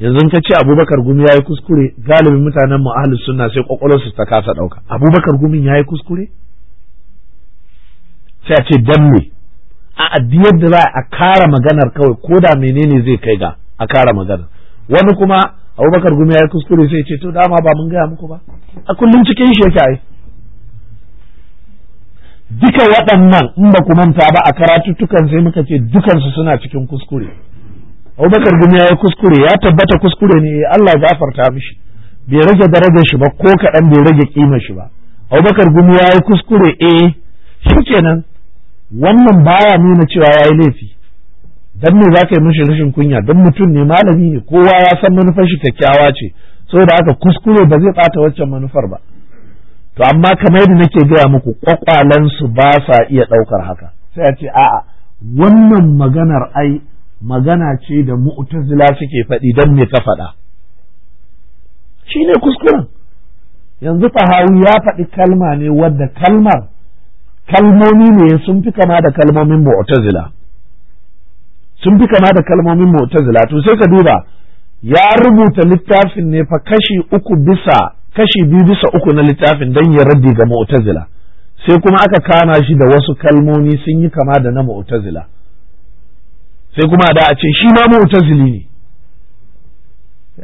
yanzu ka ce abubakar gumi ya yi kuskure galibin mutanen mu ahlus sunna sai kwakwalwarsu ta kasa ɗauka abubakar gumin ya yi kuskure sai a ce dan me a biyar da za a kara maganar kawai ko da menene zai kai ga a kara maganar wani kuma abubakar gumi ya yi kuskure sai ce to dama ba mun gaya muku ba a kullum cikin shi yake ai duka waɗannan in ba ku manta ba a karatuttukan sai muka ce dukansu suna cikin kuskure abubakar gumi ya yi kuskure ya tabbata kuskure ne eh, Allah gafarta mishi bai rage darajar shi ba ko kaɗan bai rage kima shi ba abubakar gumi ya yi kuskure eh shi kenan wannan baya nuna cewa ya yi laifi Don me za ka yi mishi rashin kunya don mutum ne malami ne kowa ya san manufar shi kyakkyawa ce saboda aka kuskure ba zai bata waccan manufar ba to amma kamar yadda nake gaya muku kwakwalansu ba sa iya ɗaukar haka sai a ce a'a wannan maganar ai magana ce da mu'tazila suke faɗi don me ka faɗa shine kuskuren yanzu fahawi ya faɗi kalma ne wadda kalmar kalmomi ne sun fi kama da kalmomin mu'tazila sun fi kama da kalmomin mu'tazila to sai ka duba ya rubuta littafin ne fa kashi uku bisa kashi biyu bisa uku na littafin dan ya raddi ga mu'tazila sai kuma aka kama shi da wasu kalmomi sun yi kama da na mu'tazila sai kuma da a ce shi ma mu'tazili ne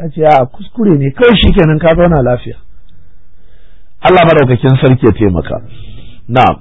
ya ce a kuskure ne kawai shi kenan ka zauna lafiya Allah madaukakin sarki ya taimaka na'am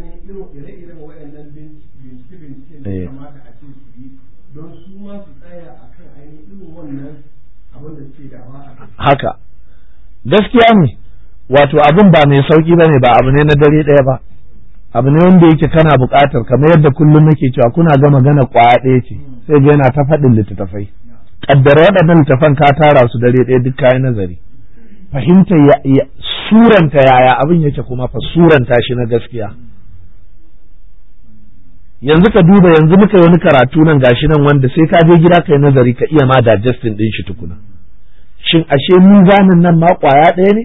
haka gaskiya ne wato abin ba mai sauki bane ba abu ne na dare ɗaya ba abu ne wanda yake kana buƙatar kamar yadda kullum nake cewa kuna ga magana kwaya ɗaya ce sai ga yana ta faɗin littattafai kaddara waɗannan littattafan ka tara su dare ɗaya duk kayan nazari fahimta suranta yaya abin yake kuma fa suranta shi na gaskiya yanzu ka duba yanzu muka yi wani karatu nan gashi nan wanda sai ka je gida kai nazari ka iya ma digesting din shi tukuna shin ashe mun zanin nan ma kwaya ɗaya ne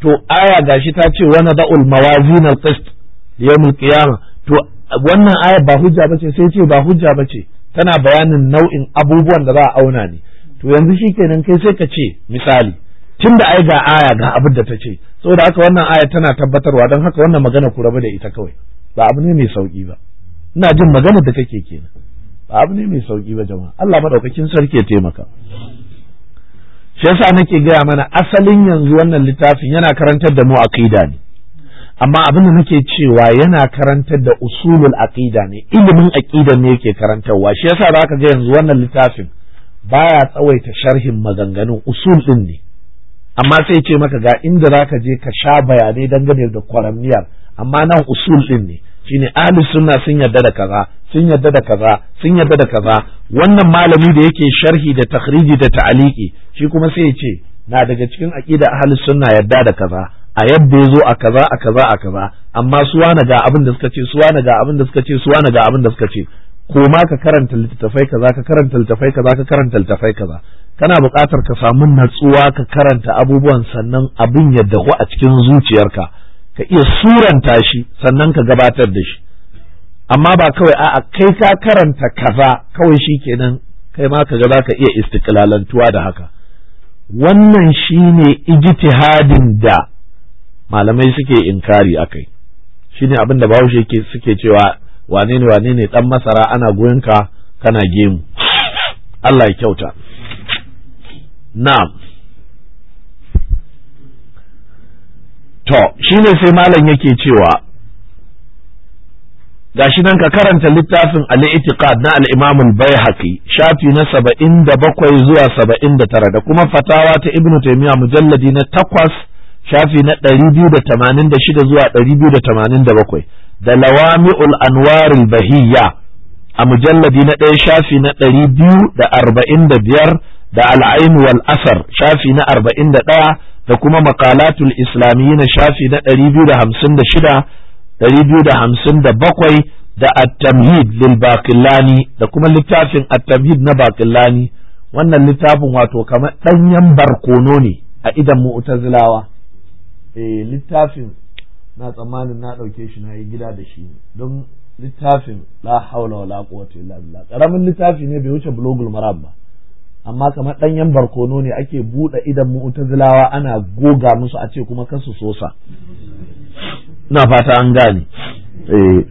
to aya gashi ta ce wani da'ul mawazin al-qist yawmul qiyama to wannan aya ba hujja bace sai ce ba hujja bace tana bayanin nau'in abubuwan da za a auna ne to yanzu shikenan kai sai ka ce misali tunda ai ga aya ga abin da ta ce saboda haka wannan aya tana tabbatarwa don haka wannan magana ku rabu da ita kawai ba abu ne mai sauki ba ina jin magana da kake kenan ba abu ne mai sauki ba jama'a Allah madaukakin sarki ya taimaka shi yasa nake gaya mana asalin yanzu wannan littafin yana karantar da mu aqida ne amma abin da nake cewa yana karantar da usulul aqida ne ilimin aqida ne yake karantarwa shi yasa zaka ga yanzu wannan littafin baya tsawaita sharhin maganganun usul din ne amma sai ce maka ga inda zaka je ka sha bayanai dangane da kwaramniyar amma nan usul din ne shine ahlus sunna sun yarda da kaza sun yarda da kaza sun yarda da kaza wannan malami da yake sharhi da takhriji da ta'aliki shi kuma sai ya ce na daga cikin aqida ahli sunna yarda da kaza a yadda zo a kaza a kaza a kaza amma su wani ga abin da suka ce su wani ga abin da suka ce su wani ga abin da suka ce ko ma ka karanta littattafai kaza ka karanta littattafai kaza ka karanta littattafai kaza kana buƙatar ka samu natsuwa ka karanta abubuwan sannan abin ya dahu a cikin zuciyarka ka iya suranta shi sannan ka gabatar da shi amma ba kawai a'a kai ka karanta kaza kawai shi kenan kai ma kaga za ka iya istiklalantuwa da haka wannan shine ijtihadin da malamai suke inkari a shi shine abin da bahaushe suke cewa wane ne wane ne dan masara ana goyonka kana gemu Allah ya kyauta na'am to shi ne sai malam yake cewa gashi nan ka karanta littafin al-i'tiqad na al-Imam al-Baihaqi shafi na 77 zuwa 79 da kuma fatawa ta Ibn Taymiyyah mujalladi na 8 shafi na 286 zuwa 287 da Lawami'ul Anwar al-Bahiyya a mujalladi na 1 shafi na 245 da Al-Ain wal Asar shafi na 41 da kuma Maqalatul Islamiyyin shafi na 256 257 da at-tamhid lil baqillani da kuma littafin at-tamhid na baqillani wannan littafin wato kamar danyen barkono ne a idan mu'tazilawa eh littafin na tsammanin na ɗauke shi na yi gida da shi don littafin la haula wala quwwata illa billah karamin littafi ne bai wuce blogul maram ba amma kamar ɗanyen barkono ne ake buɗe idan mu'tazilawa ana goga musu a ce kuma kasu sosa na fata an gane eh.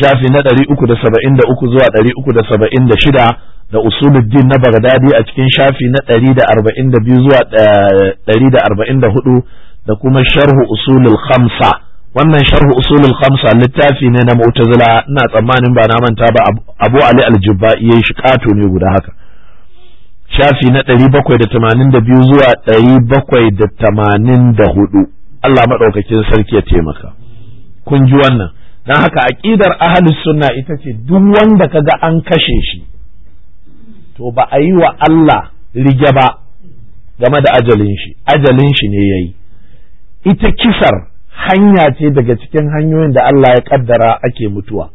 shafi na ɗari uku da saba'in da uku zuwa ɗari uku da saba'in da shida da usuluddin na bagdadi a cikin shafi na ɗari da arba'in da biyu zuwa eh, ɗari da arba'in da hudu da kuma sharhu usulul khamsa wannan sharhu usulul khamsa littafi ne na mu'tazila ina tsammanin ba na manta ba abu ali aljubba yayi shi kato ne guda haka shafi na ɗari bakwai da tamanin da biyu zuwa ɗari bakwai da tamanin da hudu Allah maɗaukakin sarki ya taimaka kun ji wannan don haka aƙidar ahalus sunna ita ce duk wanda ka ga an kashe shi to ba a yi wa Allah rige ba game da ajalin shi ajalin shi ne yayi ita kisar hanya ce daga cikin hanyoyin da Allah ya ƙaddara ake mutuwa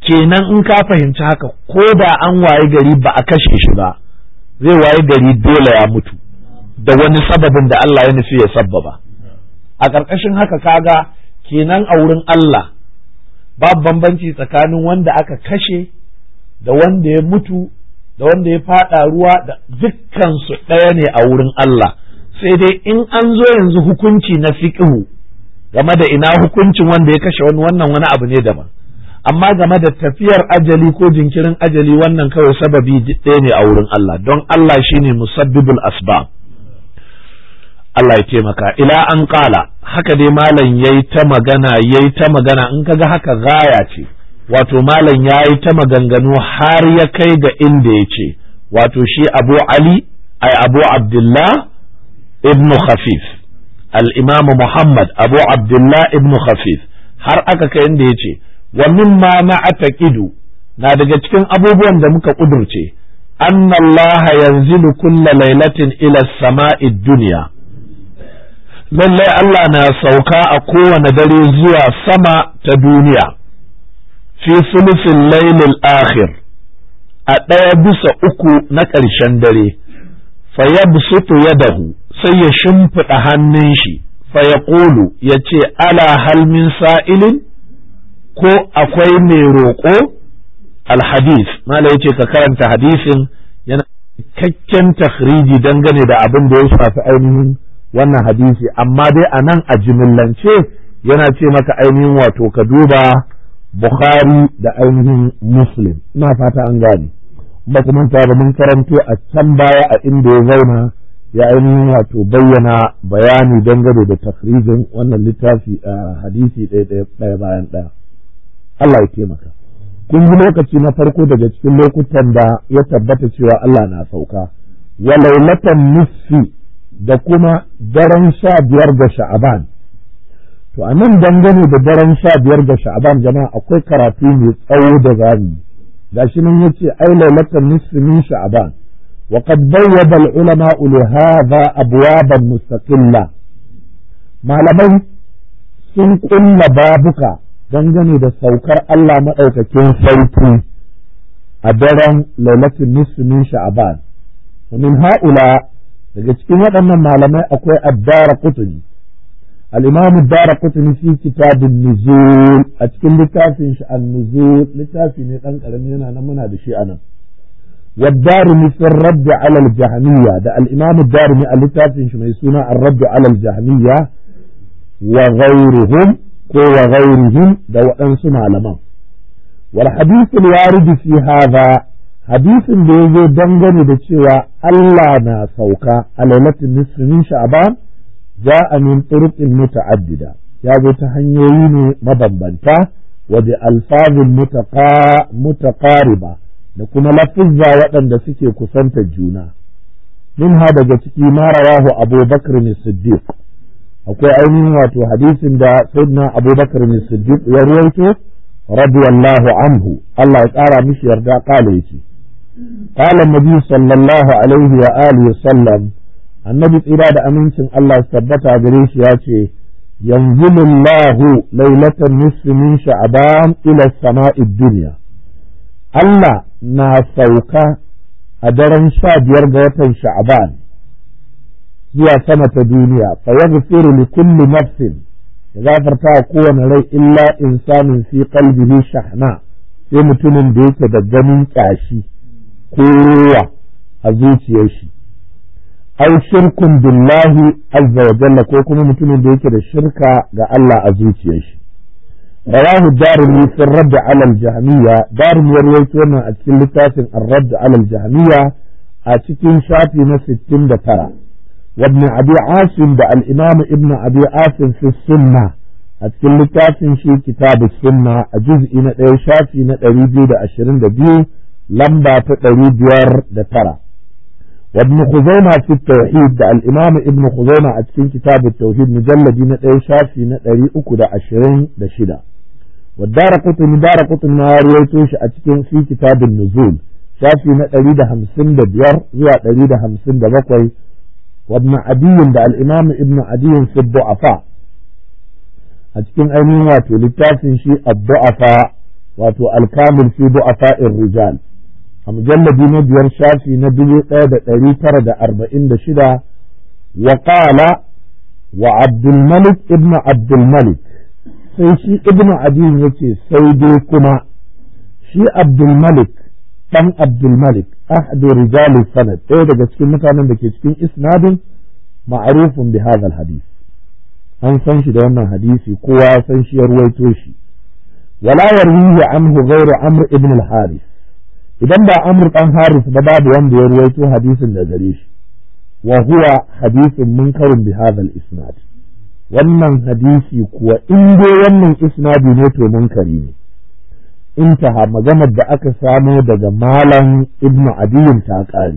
kenan in ka fahimci haka ko da an waye gari ba a kashe shi ba zai waye gari dole ya mutu da wani sababin da Allah ya nufi ya sabbaba a ƙarƙashin haka kaga kenan a wurin Allah babu bambanci tsakanin wanda aka kashe da wanda ya mutu da wanda ya faɗa ruwa da dukkansu ɗaya ne a wurin Allah sai dai in an zo yanzu hukunci na fiƙihu game da ina hukuncin wanda ya kashe wani wannan wani abu ne daban amma game da tafiyar ajali ko jinkirin ajali wannan kawai sababi ɗaya ne a wurin Allah don Allah shine musabbibul asbab Allah ya taimaka ila an kala haka dai malam yayi ta magana yayi ta magana in kaga haka gaya ce wato malam yayi ta maganganu har ya kai ga inda ya ce wato shi Abu Ali ai Abu Abdullah ibn Khafif al-Imam Muhammad Abu Abdullah ibn Khafif har aka kai inda ya ce wa mimma na'taqidu na daga cikin abubuwan da muka kudurce anna yanzu yanzilu kulla lailatin ila sama'id dunya lallai Allah na sauka a kowane dare zuwa sama ta duniya fi sulusin lailil akhir a ɗaya bisa uku na ƙarshen dare fa ya dahu sai ya shimfiɗa hannun shi fa ya ƙolu ya ce ala halmin sa'ilin ko akwai mai roƙo alhadis mala yace ka karanta hadisin yana cikakken tahriji dangane da abin da ya shafi ainihin wannan hadisi amma dai a nan a jimillance yana ce maka ainihin wato ka duba Bukhari da ainihin Muslim ina fata an gane ba kuma ta ba mun karanto a can baya a inda ya zauna ya ainihin wato bayyana bayani dangane da tafrijin wannan littafi a hadisi ɗaya bayan ɗaya Allah ya taimaka kun ji lokaci na farko daga cikin lokutan da ya tabbata cewa Allah na sauka walailatan nufi. da kuma daren sha biyar ga sha'aban to a nan dangane da daren sha biyar ga sha'aban jama'a akwai karatu mai tsawo da zabi shi nan yace ai lailatan nisfi sha'aban wa qad bayyana al-ulama li hadha abwaban mustaqilla malamai sun kulla babuka dangane da saukar Allah madaukakin sarki a daren lailatul nisfi sha'aban ومن هؤلاء daga cikin waɗannan malamai akwai addara kutuni al-imam addara kutuni fi kitabin nuzul a cikin littafin shi an-nuzul littafi ne dan karami yana nan muna da shi anan والدارمي في الرد على الجهمية ده الإمام الدارمي التي يسمى الرد على الجهمية وغيرهم وغيرهم ده وأنسوا معلمان والحديث الوارد في هذا hadisin da ya zo dangane da cewa Allah na sauka a lailatul nisfi min sha'ban ja'a min turuqin muta'addida ya zo ta hanyoyi ne mabambanta wa bi alfazin mutaqariba da kuma lafizza waɗanda suke kusantar juna min ha daga ciki ma rawahu abubakar siddiq akwai ainihin wato hadisin da sayyidina abubakar siddiq ya ruwaito radiyallahu anhu Allah ya kara mishi yarda kala yake قال النبي صلى الله عليه وآله وسلم النبي إرادة أمين الله ثبت عدريش ياتي ينزل الله ليلة النصف من شعبان إلى السماء الدنيا الله نا سوكا أدرن شاد يرجع شعبان هي سنة دنيا فيغفر لكل نفس غافر قوة rai إلا إنسان في قلبه شحناء sai mutumin da yake da ganin ƙyashi kowa a zuciyar shi au shirkun billahi azza wa jalla ko kuma mutumin da yake da shirka ga Allah a zuciyar shi rawahu darimi fi radd ala al jahmiya darimi ya rawaito wannan a cikin littafin ar-radd ala al jahmiya a cikin shafi na 69 وابن أبي عاصم ده الإمام ابن أبي عاصم في السنة أتكلم كافٍ في كتاب السنة أجزء نتأي شافي نتأي بيو ده أشرين ده لمبا ta ɗari biyar وابن خزيمة في التوحيد الإمام ابن خزيمة أتسين كتاب التوحيد مجلد نتأي شافي نتري أكد عشرين دشدة والدار قطن دار قطن ما رويتوش أتسين في كتاب النزول شافي نتري ده همسن دبير زوى تري ده همسن دبقوي وابن عدي ده الإمام ابن عدي في الضعفاء أتسين أمين واتو لتاسن شيء الضعفاء واتو الكامل في ضعفاء الرجال a mujalladi na biyar shafi na biyu ɗaya da ɗari tara da arba'in da shida wa ƙala wa abdulmalik ibnu abdulmalik sai shi ibnu abin yace sai dai kuma shi abdulmalik ɗan abdulmalik ahadu rijalin sanad ɗaya daga cikin mutanen da ke cikin isnadin ma'arufin bi hadal hadis an san shi da wannan hadisi kowa ya san shi ya ruwaito shi wala yarwihi anhu ghayru amr ibn al-haris idan ba amr dan haris ba babu wanda ya ruwaito hadisin da gare shi wa huwa hadisin munkarin bi hadha isnad wannan hadisi kuwa in dai wannan isnadi ne to munkari ne intaha maganar da aka samo daga malam ibnu adiyin ta kare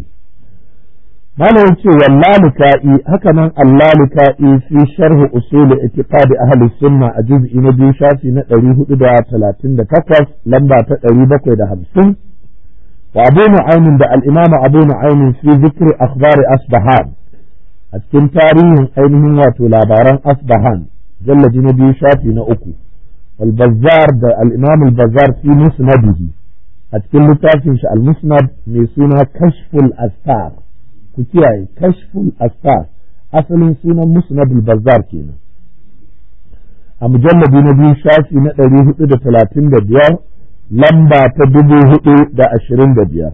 malam yace hakanan haka nan allalika'i fi sharh usul i'tiqad ahli sunna a juz'i na biyu shafi na 438 lamba ta 750 وأبو نعيم ده الإمام أبو نعيم في ذكر أخبار أصبحان أتكن تاريخ أينهم واتو لاباران أصبهان جل جنبي شافي نأكو والبزار ده الإمام البزار في مسنده أتكن لتافنش المسند ميسونا كشف الأستار كتياي كشف الأستار أصل سونا مسند البزار كينا أمجمد mujalladi na biyu shafi na ɗari lamba ta dubu hudu da ashirin da biyar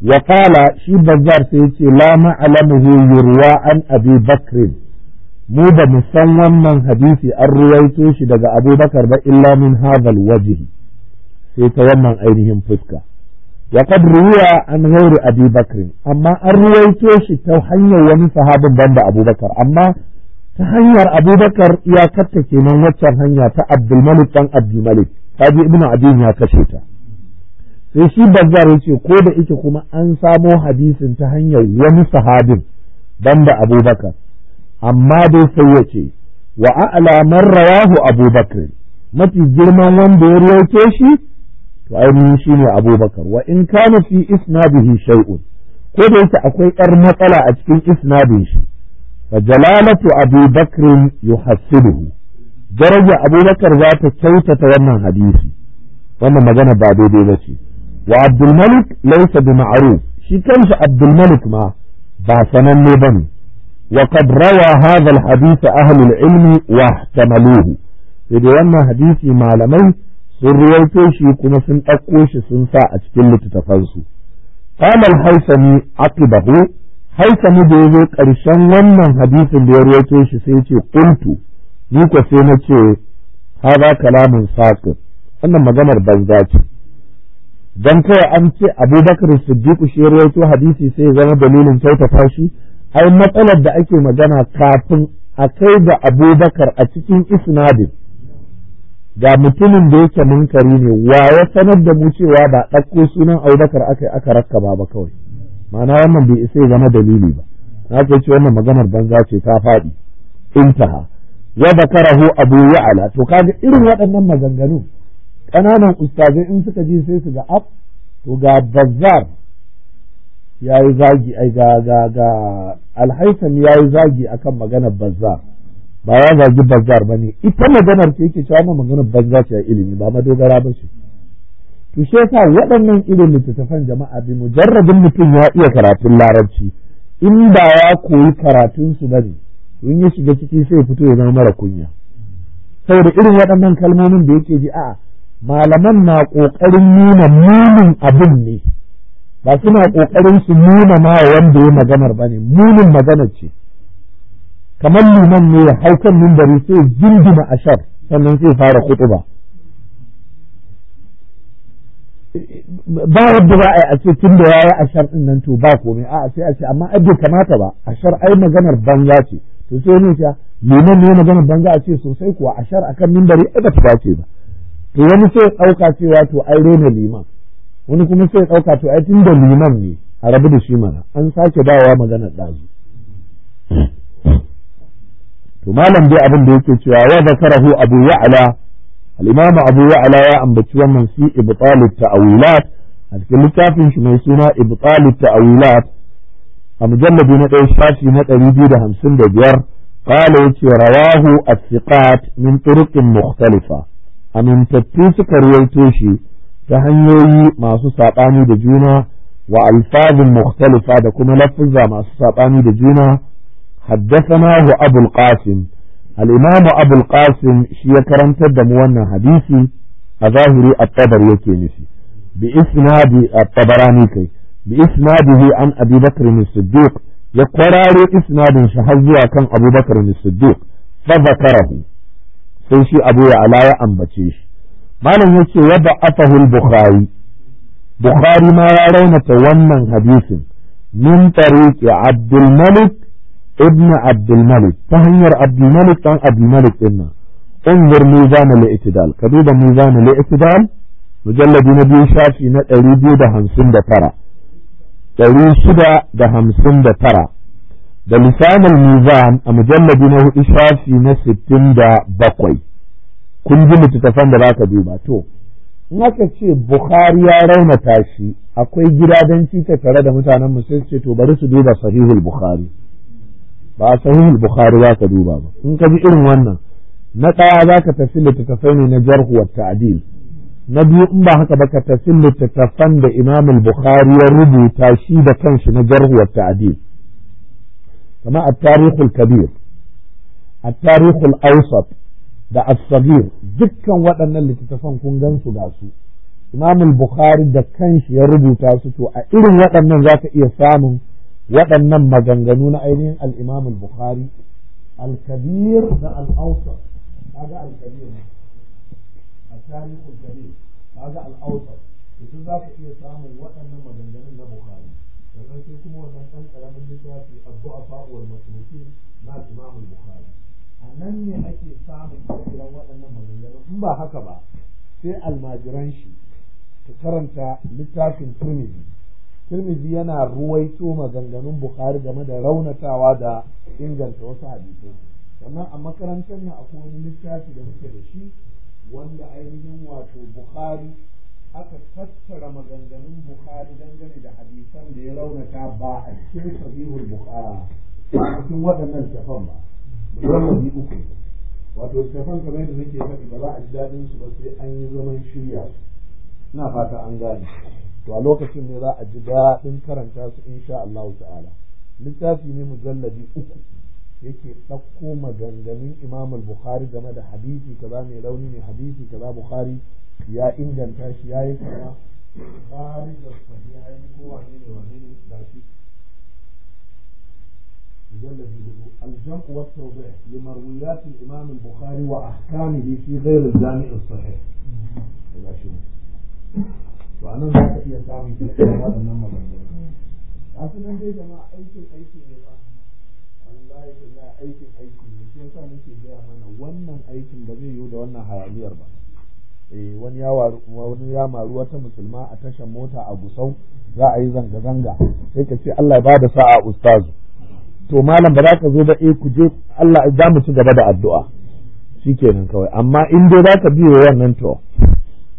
ya kala shi bazar sai ce la ma'alamuhu yurwa an abi bakrin mu ba mu san wannan hadisi an ruwaito shi daga abubakar ba illa min hadhal wajihi. sai ta wannan ainihin fuska ya qad ruwa an ghairi abi bakrin amma an ruwaito shi ta hanyar wani sahabin banda abubakar amma ta hanyar abubakar iyakarta kenan waccan hanya ta abdulmalik dan abdulmalik kaji ibn abin ya kashe ta sai shi bazzar yace ko da ita kuma an samo hadisin ta hanyar wani sahabin da abubakar amma dai sai yace wa a'la man rawahu abubakar mafi girman wanda ya rawaito shi to ainihin ne abubakar wa in kana fi isnadihi shay'un ko da yake akwai yar matsala a cikin isnadin shi fa jalalatu Abu Bakr yuhassiduhu daraja Abu Bakar za ta kyautata wannan hadisi wannan magana ba daidai ba ce wa Abdul Malik laysa bi ma'ruf shi kansa Abdul ma ba sananne bane wa qad rawa hadha al hadith ahli al ilm wa ihtamaluhu sai wannan hadisi malamai sun ruwaito shi kuma sun ɗauko shi sun sa a cikin littattafansu. قال الهيثمي عقبه haitami da ya zo ƙarshen wannan hadisin da ya ruwaito shi sai ce kuntu ni ko sai na ce haza kalamin saƙin wannan maganar banza ce Don kawai an ce abubakar siddiqu shi ya ruwaito hadisi sai zama dalilin kyautata shi ai matsalar da ake magana kafin a kai da abubakar a cikin isnadin ga mutumin da yake munkari ne wa ya sanar da mu cewa ba ɗauko sunan abubakar aka aka rakkaba ba kawai ma'ana wannan bai isa ya zama dalili ba na ce ce wannan maganar banza ce ta faɗi intaha wa bakarahu abu ya'ala to kaga irin waɗannan maganganu ƙananan ustazai in suka ji sai su ga ab to ga bazzar ya yi zagi ai ga ga ga alhaisan ya yi zagi akan maganar bazzar ba ya zagi bazzar ba ne ita maganar ce yake cewa maganar banza ce a ilimi ba madogara ba ce shi shi yasa waɗannan irin littattafan jama'a bi mujarradin mutum ya iya karatun larabci in ba ya koyi karatun su bane in ya shiga ciki sai fito ya zama mara kunya saboda irin waɗannan kalmomin da yake ji a'a malaman na ƙoƙarin nuna munin abin ne ba suna ƙoƙarin su nuna ma wanda ya maganar ba ne munin magana ce kamar liman ne ya haukan mimbari sai jirgin ashar sannan sai fara ba. ba yadda ba a yi a ce tun da ya yi ashar ɗin nan to ba komai a sai a ce amma ai bai kamata ba ashar ai maganar banza ce to sai wani ya ne maganar banza a ce sosai kuwa ashar akan mimbari ai ba ta dace ba to wani sai ɗauka cewa to ai rena liman wani kuma sai ɗauka to ai tun da liman ne a rabu da shi mana an sake dawowa maganar ɗazu to malam dai abin da yake cewa ya wa zakarahu abu ya'la al-imam abu ya'la ya ambaci wannan fi ibtal at-ta'wilat a cikin littafin shi mai suna ibtal at-ta'wilat a mujalladi na ɗaya shafi na ɗari biyu da hamsin da biyar قال رواه الثقات من طرق مختلفة amintattu suka ruwaito shi ta hanyoyi masu saɓani da juna wa alfazin mukhtalifa da kuma lafuzza masu saɓani da juna haddasanahu abul qasim al'imamu abul qasim shi ya karantar da mu wannan hadisi a zahiri a tabar yake nufi bi isnadi a tabarani kai bi isnadihi an abi bakr siddiq ya kwararo isnadin shi har zuwa kan abu bakr siddiq fa zakarahu sai shi abu ya ala ya ambace shi malam ya ce yadda afahul bukhari bukhari ma ya raunata wannan hadisin min tariqi abdul malik ibn abdulmalik ta hanyar abdulmalik dan abdulmalik din nan unzur mizan al-i'tidal ka duba mizan al-i'tidal mujalladi na biyu shafi na ɗari biyu da hamsin da tara ɗari shida da hamsin da tara da lisanin mizan a mujalladi na hudu shafi na sittin da bakwai kun ji littattafan da za ka duba to in aka ce bukhari ya raunata shi akwai gidadanci tare da mutanen mu ce to bari su duba sahihul bukhari ba a sahihul bukhari za ka duba ba in ka ji irin wannan na ɗaya za ka tafi littattafai ne na jarhu wa ta'dil na biyu in ba haka ba ka tafi littattafan da imam bukhari ya rubuta shi da kanshi na jarhu wa ta'dil kama at-tarikhul kabir at-tarikhul awsat da as dukkan waɗannan littattafan kun gansu ga su imam bukhari da kanshi ya rubuta su to a irin waɗannan za ka iya samun waɗannan maganganu na ainihin al al-Bukhari al-Kabir da al-Awsat kaga al-Kabir al-Tarikh al-Kabir kaga al-Awsat yanzu za ka iya samun waɗannan maganganun na Bukhari sannan sai kuma wannan ɗan ƙaramin littafi abu Abdu'afa wal Masrukin na Imam al-Bukhari a nan ne ake samun ƙirƙiran waɗannan maganganun in ba haka ba sai almajiran shi ta karanta littafin turmi. Tirmidhi yana ruwaito maganganun Bukhari game da raunatawa da inganta wasu hadisai sannan a makarantar nan akwai wani littafi da muke da shi wanda ainihin wato Bukhari aka tattara maganganun Bukhari dangane da hadisan da ya raunata ba a cikin sahihul Bukhari a cikin waɗannan tafan ba mujallabi uku wato tafan kamar yadda nake faɗi ba za a ji daɗin su ba sai an yi zaman shirya su ina fata an gane to a lokacin ne za a ji daɗin karanta su insha Allah ta'ala littafi ne mujalladi uku yake ɗauko maganganun Imam Bukhari game da hadisi kaza mai rauni ne hadisi kaza Bukhari ya inganta shi ya yi kama Bukhari da sahihai ko wani ne wani ne da shi مجلد الجمع والتوضيح لمرويات الإمام البخاري وأحكامه في غير الجامع الصحيح to a nan za ka iya samun kyakkyawar waɗannan maganganu a sunan dai jama'a aikin aiki ne ba wallahi billahi aikin aiki ne shi yasa nake gaya mana wannan aikin ba zai yiwu da wannan hayaniyar ba eh wani ya wani ya maru wata musulma a tashar mota a Gusau za a yi zanga-zanga sai ka ce Allah ba da sa'a ustazu to malam ba za ka zo ba eh ku je Allah za mu ci gaba da addu'a shikenan kawai amma in dai za ka biyo wannan to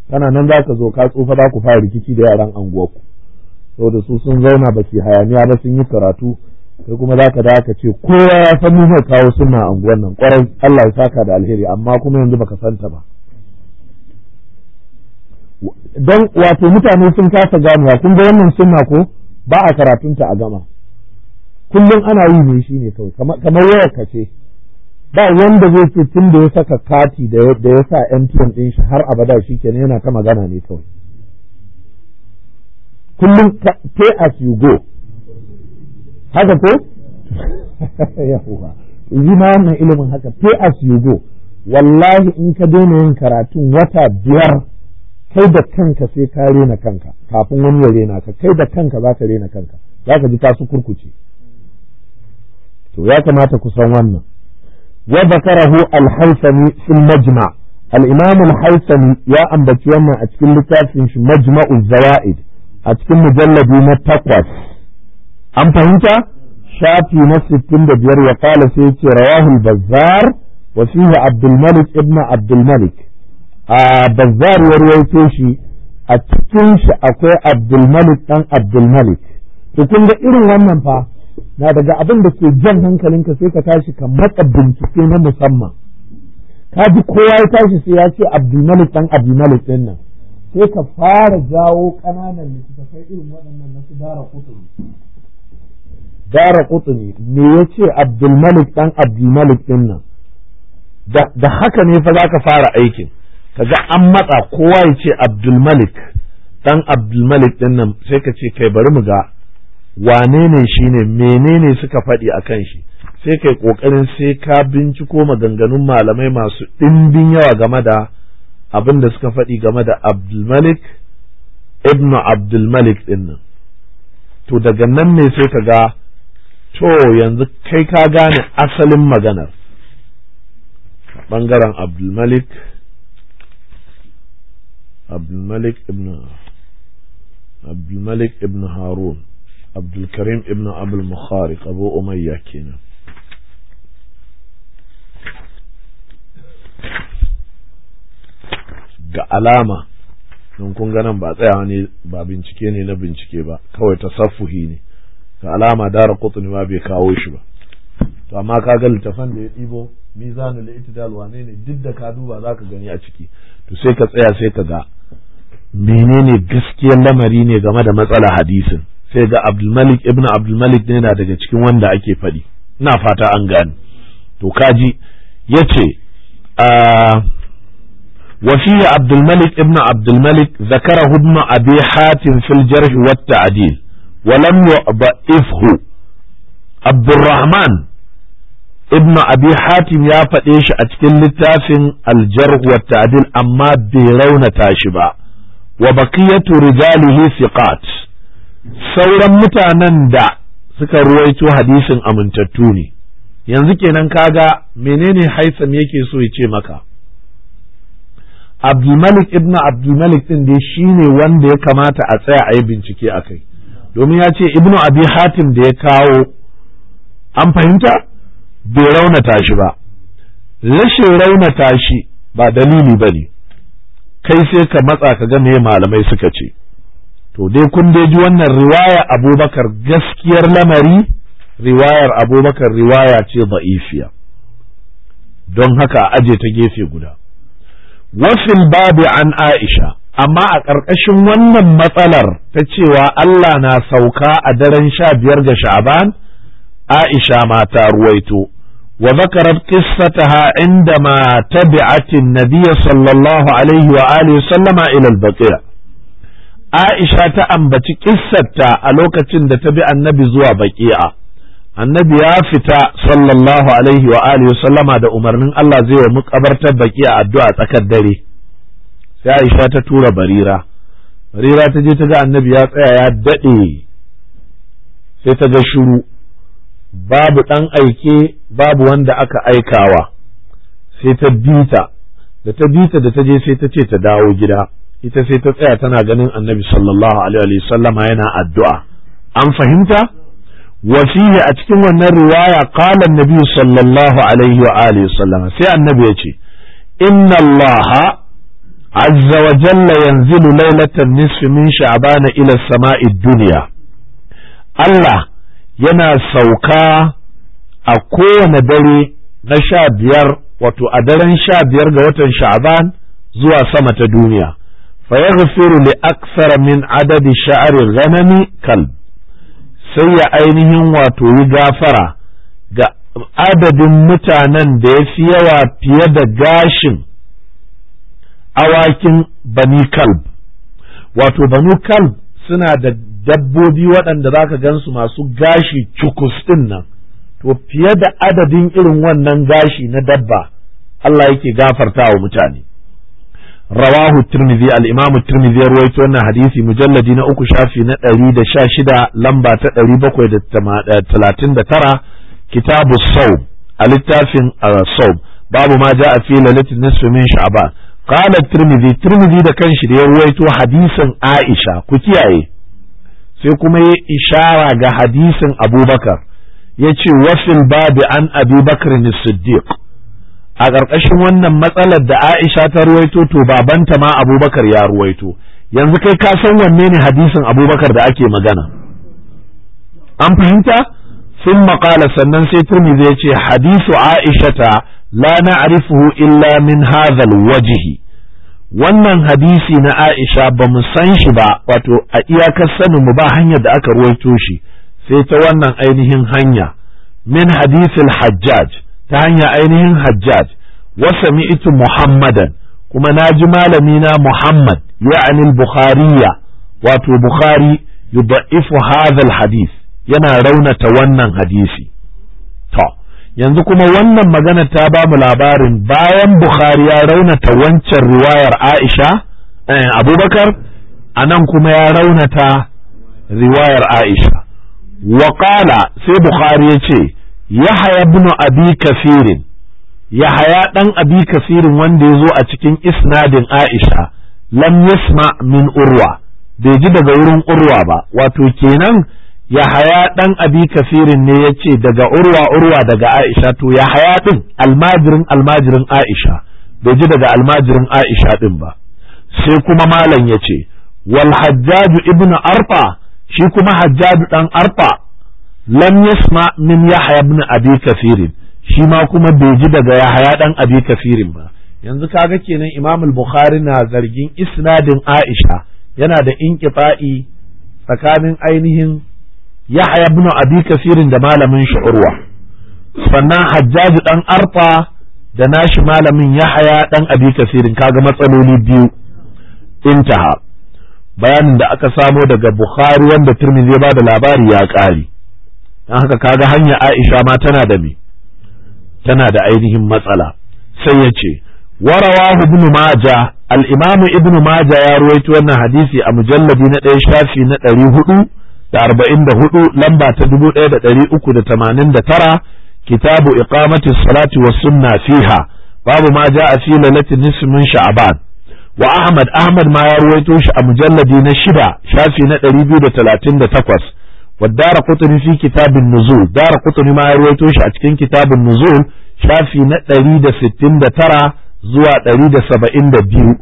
kana nan za ka zo ka tsufa za ku fara rikici da yaran anguwarku saboda su sun zauna ba su hayaniya ba sun yi karatu kai kuma za ka da ka ce kowa ya san mu mai kawo suna anguwar nan kwarai Allah ya saka da alheri amma kuma yanzu baka santa ba dan wato mutane sun kasa ganewa kun ga wannan sunna ko ba a karatunta a gama kullum ana yi ne shi ne kawai kamar yawar kace ba wanda zai ce tun da ya saka kati da ya sa MTN ɗin shi har abada shi kenan yana ta magana ne kawai kullum pay as you go haka ko yahuwa yi ma wannan ilimin haka pay as you go wallahi in ka daina yin karatun wata biyar kai da kanka sai ka rena kanka kafin wani ya rena ka kai da kanka za ka rena kanka za ka ji kasu su kurkuce to ya kamata ku san wannan وذكره الحيثمي في المجمع الإمام الحيثمي يا أم بكيونا أتكلم لكاف مجمع الزوائد أتكلم مجلد نتقوس أم فهمت شافي نفس التندبير وقال سيتي رواه البزار وفيه عبد الملك ابن عبد الملك آه بزار يروي شي أتكلم شي أقوى عبد الملك أن عبد الملك تكون إيرو وننفع na daga abin da ke jan hankalinka sai ka tashi ka matsa bincike na musamman ka ji kowa ya tashi sai ya ce abdulmalik dan abdulmalik din nan sai ka fara jawo ƙananan littattafai irin waɗannan na su dara kutumi dara kutumi me ya ce abdulmalik dan abdulmalik din nan da haka ne fa za ka fara aikin Ka ga an matsa kowa ya ce abdulmalik dan abdulmalik din nan sai ka ce kai bari mu ga wane ne shi ne menene suka faɗi a kan shi sai kai ƙoƙarin sai ka binciko maganganun malamai masu ɗimbin yawa game da abin da suka faɗi game da abdulmalik ibn abdulmalik ɗin nan to daga nan ne sai ka ga to yanzu kai ka gane asalin maganar ɓangaren abdulmalik abdulmalik ibn abdulmalik ibn harun abdulkarim Ibnu abul mukhariq abu umayya kenan ga alama don kun ganin ba tsayawa ne ba bincike ne na bincike ba kawai ta safuhi ne ga alama dara kutsuni ma bai kawo shi ba to amma ka ga littafan da ya ɗibo mizanul itidal wane ne duk da ka duba za ka gani a ciki to sai ka tsaya sai ka ga menene gaskiyar lamari ne game da matsalar hadisin sai ga abdulmalik ibn abdulmalik ne na daga cikin wanda ake faɗi ina fata an gani to kaji ya ce وفيه عبد الملك ابن عبد الملك ذكره ابن أبي حاتم في الجرح والتعديل ولم يضعفه عبد الرحمن ابن أبي حاتم يا فتيش أتكل التافن الجرح والتعديل أما بيرون تاشبا وبقية رجاله ثقات sauran mutanen da suka ruwaito hadisin amintattu ne yanzu kenan kaga menene haisam yake so ya ce maka abdulmalik ibn abdulmalik din dai shine wanda ya kamata a tsaya a yi bincike a kai domin ya ce ibnu abi hatim da ya kawo an fahimta bai rauna tashi ba rashin raunata tashi ba dalili ba ne kai sai ka matsa ka ga me malamai suka ce to dai kun dai ji wannan riwaya abubakar gaskiyar lamari riwayar abubakar riwaya ce da'ifiya don haka aje ta gefe guda wafin babu an aisha amma a ƙarƙashin wannan matsalar ta cewa Allah na sauka a daren sha biyar ga sha'aban aisha ma ta ruwaito wa zakarar qissataha inda ma tabi'atin nabiya sallallahu alaihi wa alihi sallama ila baqiya Aisha ta ambaci kissarta a lokacin da ta bi annabi zuwa baƙi'a. Annabi ya fita sallallahu alaihi wa alihi sallama da umarnin Allah zai wa muƙabartar a addu'a tsakar dare. Sai Aisha ta tura barira. Barira ta je ta ga annabi ya tsaya ya daɗe sai ta ga shiru. Babu ɗan aike babu wanda aka aikawa. Sai ta bita. Da ta bita da ta je sai ta ce ta dawo gida. ita sai ta tsaya tana ganin annabi sallallahu alaihi sallama yana addu'a an fahimta wasihi a cikin wannan riwaya qala annabi sallallahu alaihi wa alihi sallama sai annabi ya ce inna allaha azza wa jalla yanzilu lailatan nisfi min sha'bana ila sama'i dunya Allah yana sauka a kowane dare na sha biyar wato a daren sha biyar ga watan sha'ban zuwa sama ta duniya fa yaghfiru li aksara min adadi sha'ari ghanami kalb sai ya ainihin wato yi gafara ga adadin mutanen da ya fi yawa fiye da gashin awakin bani kalb wato banu kalb suna da dabbobi waɗanda za ka gansu masu gashi cukus ɗin nan to fiye da adadin irin wannan gashi na dabba Allah yake gafarta wa mutane rawahu tirmidhi al-imam tirmidhi rawaito wannan hadisi mujalladi na uku shafi na 116 lamba ta 739 eh, kitabu sawm a littafin uh, sawm babu ma a fi lailatul nisfi min sha'ban qala tirmidhi tirmidhi da kanshi da ya rawaito hadisin aisha ku kiyaye sai kuma ya ishara ga hadisin abubakar yace wasil babi an abi bakr as a ƙarƙashin wannan matsalar da Aisha ta ruwaito to babanta ma Abubakar ya ruwaito yanzu kai ka san wanne ne hadisin Abubakar da ake magana an fahimta sun maƙala sannan sai turmi ya ce hadisu Aishata la na'rifuhu illa min hazal wajihi wannan hadisi na Aisha ba mu san shi ba wato a iyakar sanin mu ba hanyar da aka ruwaito shi sai ta wannan ainihin hanya min hadisil Hajjaj ta hanyar ainihin hajjaj wa sami'tu muhammadan kuma na ji malami na muhammad ya'ani al-bukhariya wato bukhari yudha'ifu hadha al-hadith yana raunata wannan hadisi to yanzu kuma wannan magana ta ba mu labarin bayan bukhari ya raunata wancan riwayar aisha eh, abubakar a nan kuma ya raunata riwayar aisha waƙala sai bukhari ya ce yahaya ibn abi kafirin yahaya dan abi kafirin wanda ya zo a cikin isnadin aisha lam yasma min urwa bai ji daga wurin urwa ba wato kenan yahaya dan abi kafirin ne yace daga urwa urwa daga aisha to yahaya din almajirin almajirin aisha bai ji daga almajirin aisha din ba sai kuma malam yace ce wal Hajjaj ibnu arfa shi kuma hajjaju dan arfa lam yasma min yahya ibn abi kafirin shi ma kuma bai ji daga yahya dan abi kafirin ba yanzu kaga kenan imam al-bukhari na zargin isnadin aisha yana da inqita'i tsakanin ainihin yahya ibn abi kafirin da malamin shi urwa sannan hajjaj dan arfa da nashi malamin yahya dan abi kafirin kaga matsaloli biyu intaha bayanin da aka samo daga bukhari wanda turmizi ya ba da labari ya ƙare don haka kaga hanya Aisha ma tana da me tana da ainihin matsala sai ya ce warawahu ibn maja al-imamu ibn maja ya ruwaito wannan hadisi a mujalladi na ɗaya shafi na ɗari hudu da arba'in da hudu lamba ta dubu ɗaya da ɗari uku da tamanin da tara kitabu iqamati salati wa sunna fiha babu ma a fi lalati nismin sha'ban wa ahmad ahmad ma ya ruwaito shi a mujalladi na shida shafi na ɗari biyu da talatin da takwas wadara kutuni fi kitabin nuzul dara kutuni ma ya ruwaito shi a cikin kitabin nuzul shafi na ɗari da sittin da tara zuwa ɗari da saba'in da biyu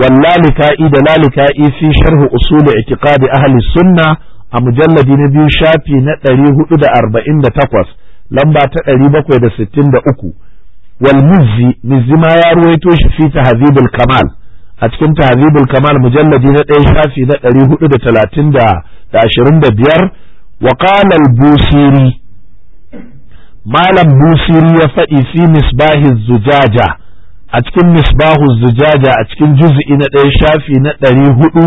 wallalika'i da lalika'i fi sharhu usul itiqadi ahli sunna a mujalladi na biyu shafi na ɗari hudu da arba'in da takwas lamba ta ɗari bakwai da sittin da uku والمزي ya ما يروي توش في تهذيب a cikin تهذيب الكمال mujalladi دين ɗaya في ذا ريه دا تلاتين دا دا عشرين دا بيار wa busiri malam busiri ya faɗi fi misbahi zujaja a cikin misbahu zujaja a cikin juz'i na ɗaya shafi na ɗari huɗu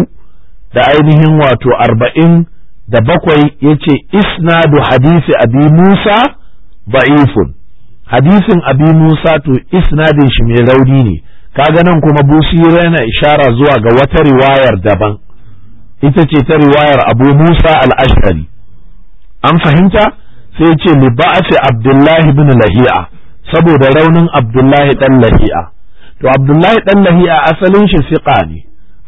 da ainihin wato arba'in da bakwai ya ce isnadu hadisi abi musa ba'ifun hadisin abi musa to isnadin shi mai rauni ne kaga nan kuma busiri yana ishara zuwa ga wata riwayar daban ita ce ta riwayar abu musa al-ashari an fahimta sai ce li ba'ati abdullahi bin lahi'a saboda raunin abdullahi dan lahi'a to abdullahi dan lahi'a asalin shi siqa ne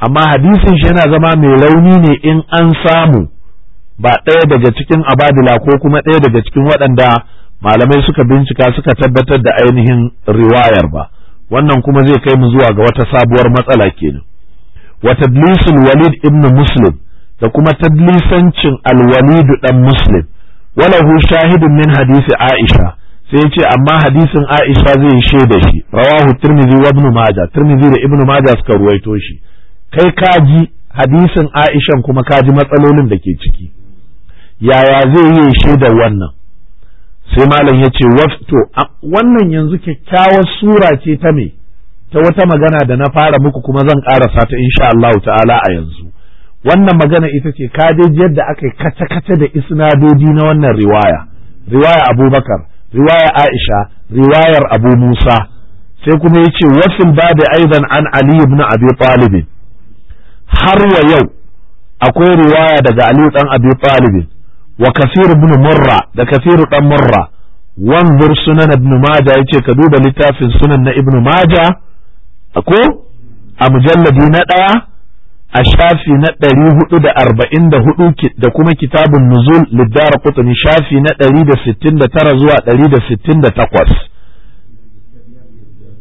amma hadisin shi yana zama mai rauni ne in an samu ba ɗaya daga cikin abadila ko kuma ɗaya daga cikin waɗanda malamai suka bincika suka tabbatar da ainihin riwayar ba wannan kuma zai kai mu zuwa ga wata sabuwar matsala kenan wa tadlisul walid ibn muslim da kuma tablisancin alwalidu dan muslim Wala walahu shahidun min hadisi aisha sai ya ce amma hadisin aisha zai yi shaida shi rawahu tirmidhi wa ibnu majah tirmidhi da ibnu majah suka ruwaito shi kai ka ji hadisin Aisha kuma ka ji matsalolin da ke ciki yaya zai yi shaida wannan sai malam ya ce wato. wannan yanzu kyakkyawar sura ce ta me ta wata magana da na fara muku kuma zan karasa ta insha Allah ta'ala a yanzu wannan magana ita ce ka yadda aka yi kace-kace da isnadodi na wannan riwaya riwaya abubakar riwaya aisha riwayar abu musa sai kuma ya ce ba da aidan an ali ibn abi talib har wa yau akwai riwaya daga ali dan abi talib wa kasir ibn murra da kasir dan murra wan bur sunan ibn majah yace ka duba littafin sunan na ibn majah ko a mujalladi na daya a shafi na ɗari hudu da arba'in da hudu da kuma kitabun nuzul liddara kutumi shafi na ɗari da sittin da tara zuwa ɗari da sittin da takwas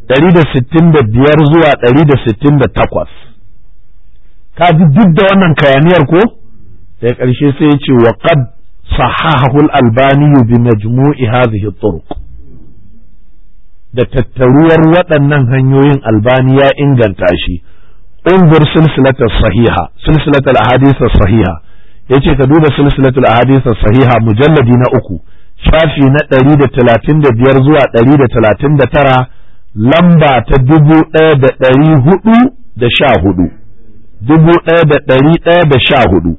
ɗari da sittin da biyar zuwa ɗari da sittin da takwas ka ji duk da wannan kayaniyar ko sai ƙarshe sai ya ce wa qad sahahahu al-albani bi majmu'i hadhihi turuq da tattaruwar waɗannan hanyoyin albani ya inganta shi unzur silsilatar sahiha silsilatar ahadisar sahiha ya ce ka duba silsilatul ahadisar sahiha mujalladi na uku shafi na ɗari da talatin da biyar zuwa ɗari da talatin da tara lamba ta dubu ɗaya da ɗari hudu da sha hudu dubu ɗaya da ɗari ɗaya da sha hudu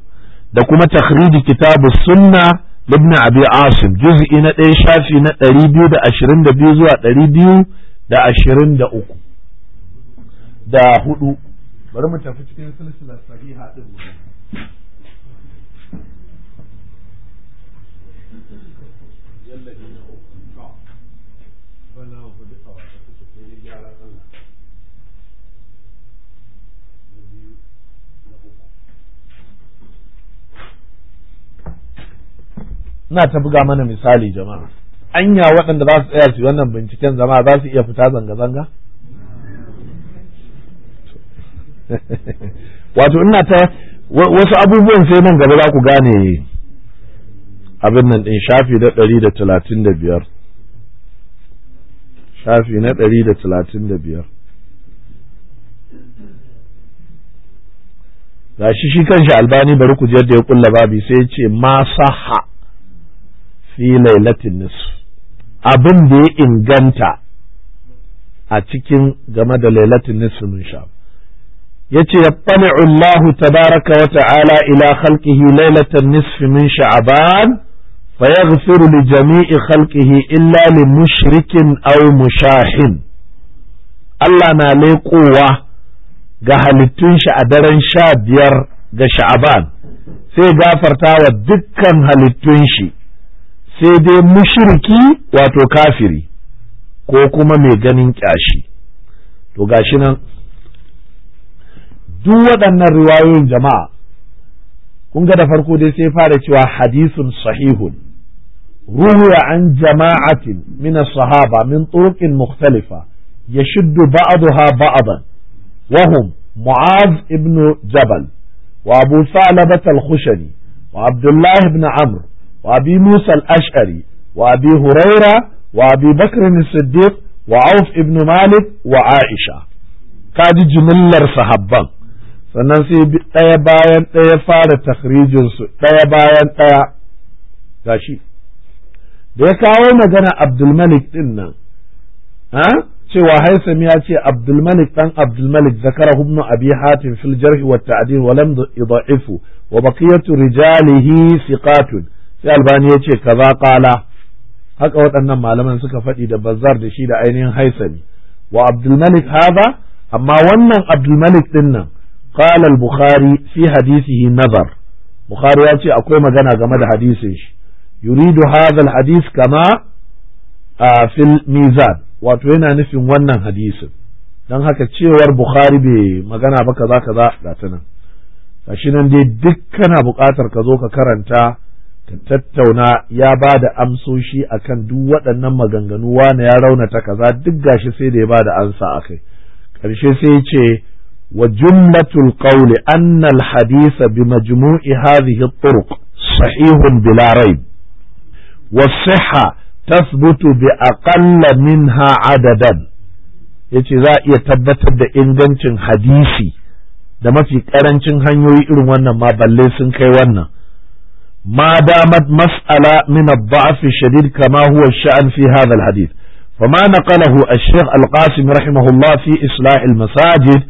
da kuma takhriji kitabu sunna ibn abi asim juz'i na ɗaya shafi na ɗari biyu da ashirin da biyu zuwa ɗari biyu da ashirin da uku da bari mu tafi cikin silsila sahiha din mu Ina ta buga mana misali jama'a. Anya waɗanda za su tsaya su wannan binciken zama za su iya fita zanga-zanga? wato ina ta wasu abubuwan sai nan gaba za ku gane abin nan din shafi na ɗari da talatin da biyar shafi na ɗari da talatin da biyar ga shi shi kanshi albani bari ku da ya kulla babi sai ya ce ma saha fi lailatin nisf abin da ya inganta a cikin game da lailatin nisf mun shafi yace yattali Allah tabaraka wa ta'ala ila khalqihi lailatan nisfi min sha'ban jami'i لجميع illa إلا لمشرك أو mushahin. Allah na leƙowa ga halittun shi a daren sha biyar ga sha'aban sai gafarta wa dukkan halittun shi sai dai mushiriki wato kafiri ko kuma mai ganin ƙyashi to gashi nan duk waɗannan riwayoyin jama'a kun ga da farko dai sai fara cewa hadisun sahihun ruhuya an jama'atin min sahaba min turuqin mukhtalifa yashuddu ba'daha ba'dan wa hum mu'az ibn jabal wa abu salabat al-khushani wa abdullah ibn amr wa abi musa al-ash'ari wa abi huraira wa abi bakr as-siddiq wa auf ibn malik wa aisha kaji jumillar sahabban sannan sai bi ɗaya bayan ɗaya fara takrijinsu ɗaya bayan ɗaya shi da ya kawo magana abdulmalik ɗin nan ha cewa haisam ya ce abdulmalik ɗan abdulmalik zakara hubnu abi hatim fil jarhi wa ta'dil wa lam yudha'ifu wa baqiyatu rijalihi siqatun sai albani ya ce kaza qala haka waɗannan malaman suka faɗi da bazar da shi da ainihin haisami wa abdulmalik haza amma wannan abdulmalik ɗin nan قال البخاري في حديثه نظر بخاري يأتي أقوى مغانا غمد حديثه يريد هذا الحديث كما آه في الميزان yana nufin wannan hadisin dan haka cewar Bukhari bai magana ba kaza kaza ga ta nan gashi nan dai duk kana buƙatar ka zo ka karanta ka tattauna ya ba da amsoshi akan duk waɗannan maganganuwa na ya raunata kaza duk gashi sai da ya ba da ansa a kai ƙarshe sai ce وجملة القول أن الحديث بمجموع هذه الطرق صحيح بلا ريب والصحة تثبت بأقل منها عددا yace za a iya tabbatar da ingancin hadisi da mafi karancin hanyoyi irin wannan ma balle sun kai wannan ma damat mas'ala min ad-da'f shadid kama huwa sha'an fi hadha al-hadith fama naqalahu ash-shaykh al-qasim rahimahullah fi islah al-masajid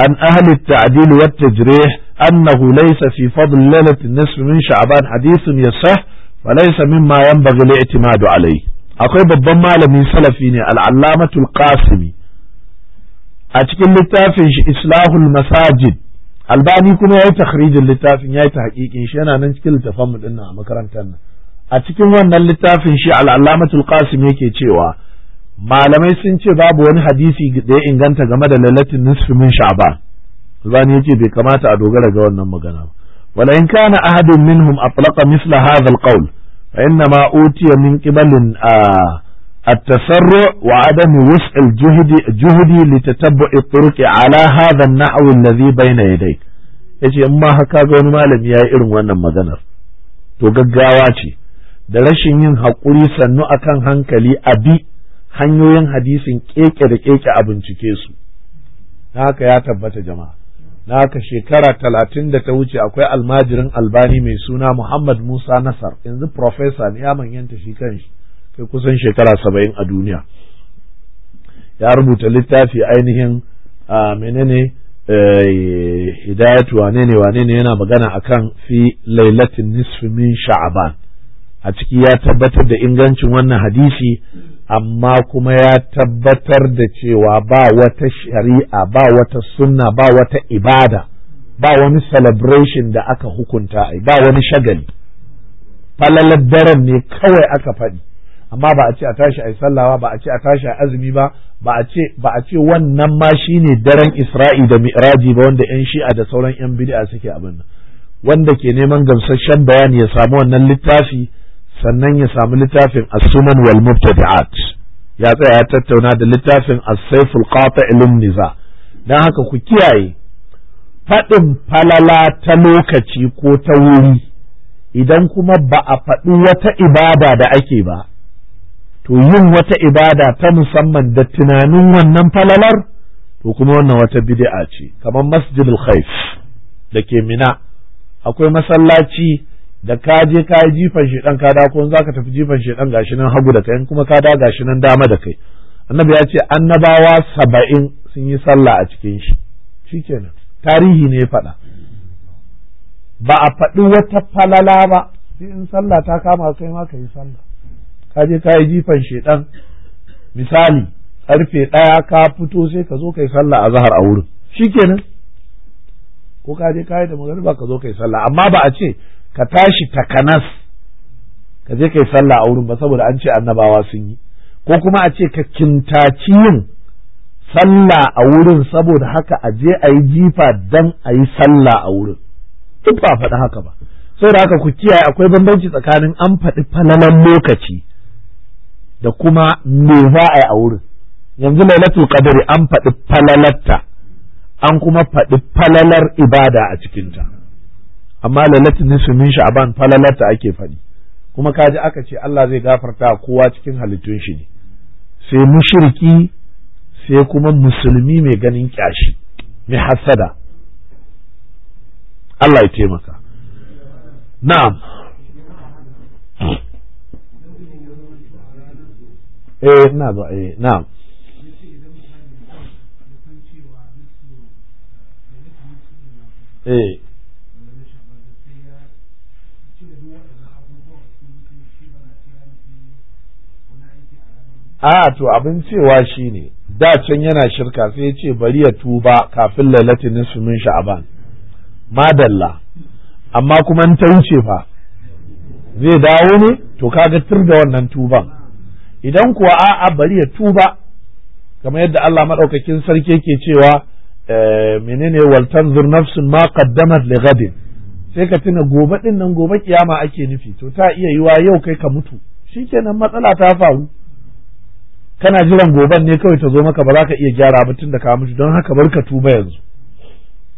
عن أهل التعديل والتجريح أنه ليس في فضل ليلة النصف من شعبان حديث يصح فليس مما ينبغي الاعتماد عليه أقول ببن مالمي سلفيني العلامة القاسمي أتكلم للتافن إصلاح المساجد albani kuma ya yi takhrijin littafin ya yi ta hakikin shi yana nan cikin littafan mu dinnan a makarantar nan a cikin wannan littafin shi al'allamatul qasim yake cewa malamai sun ce babu wani hadisi da ya inganta game da lalatin nisfi min sha'ban zani yace bai kamata a dogara ga wannan magana ba wala in kana ahadun minhum atlaqa misla hadha alqawl fa inna ma utiya min qibalin التسرع وعدم وسع الجهد جهدي لتتبع الطرق على هذا النحو الذي بين يديك yace in ma haka ga wani malami ya yi irin wannan maganar to gaggawa ce da rashin yin haƙuri sannu akan hankali abi hanyoyin hadisin keke da keke a bincike su na haka ya tabbata jama'a na haka shekara talatin da ta wuce akwai almajirin albani mai suna muhammad musa nasar yanzu profesa ne ya manyanta shi shi kai kusan shekara saba'in a duniya ya rubuta littafi ainihin menene eh, hidayatu wane ne wane ne yana magana akan fi lailatin nisfi min sha'aban a ciki ya tabbatar da ingancin wannan hadisi amma kuma ya tabbatar da cewa ba wata shari'a ba wata sunna ba wata ibada ba wani celebration da aka hukunta ai ba wani shagali falalar daren ne kawai aka faɗi amma ba a ce a tashi a sallawa ba a ce a tashi a azumi ba ba a ce wannan ma shine daren Isra'i da Mi'raji ba wanda yan Shi'a da sauran yan bid'a suke abin wanda ke neman gamsasshen bayani ya samu wannan littafi sannan ya samu littafin as-sunan wal mubtadi'at ya tsaya ya tattauna da littafin as-sayful qati'il niza dan haka ku kiyaye faɗin falala ta lokaci ko ta wuri idan kuma ba a faɗi wata ibada da ake ba to yin wata ibada ta musamman da tunanin wannan falalar to kuma wannan wata bid'a ce kamar masjidul khaif da ke mina akwai masallaci da ka je ka yi jifan shedan ka da ko za ka tafi jifan shedan gashi nan hagu da kai kuma ka da gashi nan dama da kai annabi ya ce annabawa saba'in sun yi sallah a cikin shi shikenan tarihi ne ya faɗa ba a faɗi wata falala ba sai in sallah ta kama kai ma ka yi sallah ka je ka yi jifan shedan misali karfe ɗaya ka fito sai ka zo ka yi sallah a zahar a wurin shikenan ko ka je ka yi da magariba ka zo ka yi sallah amma ba a ce ka tashi takanas ka je kai sallah a wurin ba saboda an ce annabawa sun yi ko kuma a ce ka kintaci yin sallah a wurin saboda haka a je a yi jifa dan a yi sallah a wurin duk ba faɗi haka ba saboda haka ku kiyaye akwai bambanci tsakanin an faɗi falalan lokaci da kuma me za a yi a wurin yanzu lailatul qadri an faɗi falalatta an kuma faɗi falalar ibada a cikinta amma lalat nisfi min sha'ban lalata ake faɗi kuma kaji aka ce Allah zai gafarta kowa cikin halittun shi ne sai mushriki sai kuma musulmi mai ganin kyashi mai hasada Allah ya taimaka na'am eh na ba eh na'am eh a to abin cewa shine da can yana shirka sai ya ce bari ya tuba kafin lailatin nisfu min sha'aban madalla amma kuma in ta wuce fa zai dawo ne to kaga tur da wannan tuban idan kuwa a'a bari ya tuba kamar yadda Allah maɗaukakin sarki yake cewa eh, menene wal tanzur nafsun ma qaddamat li sai ka tuna gobe din nan gobe kiyama ake nufi to ta iya yiwa yau kai ka mutu shikenan matsala ta faru kana jiran goban ne kawai ta zo maka ba za ka iya gyara batun da ka mutu don haka bar ka tuba yanzu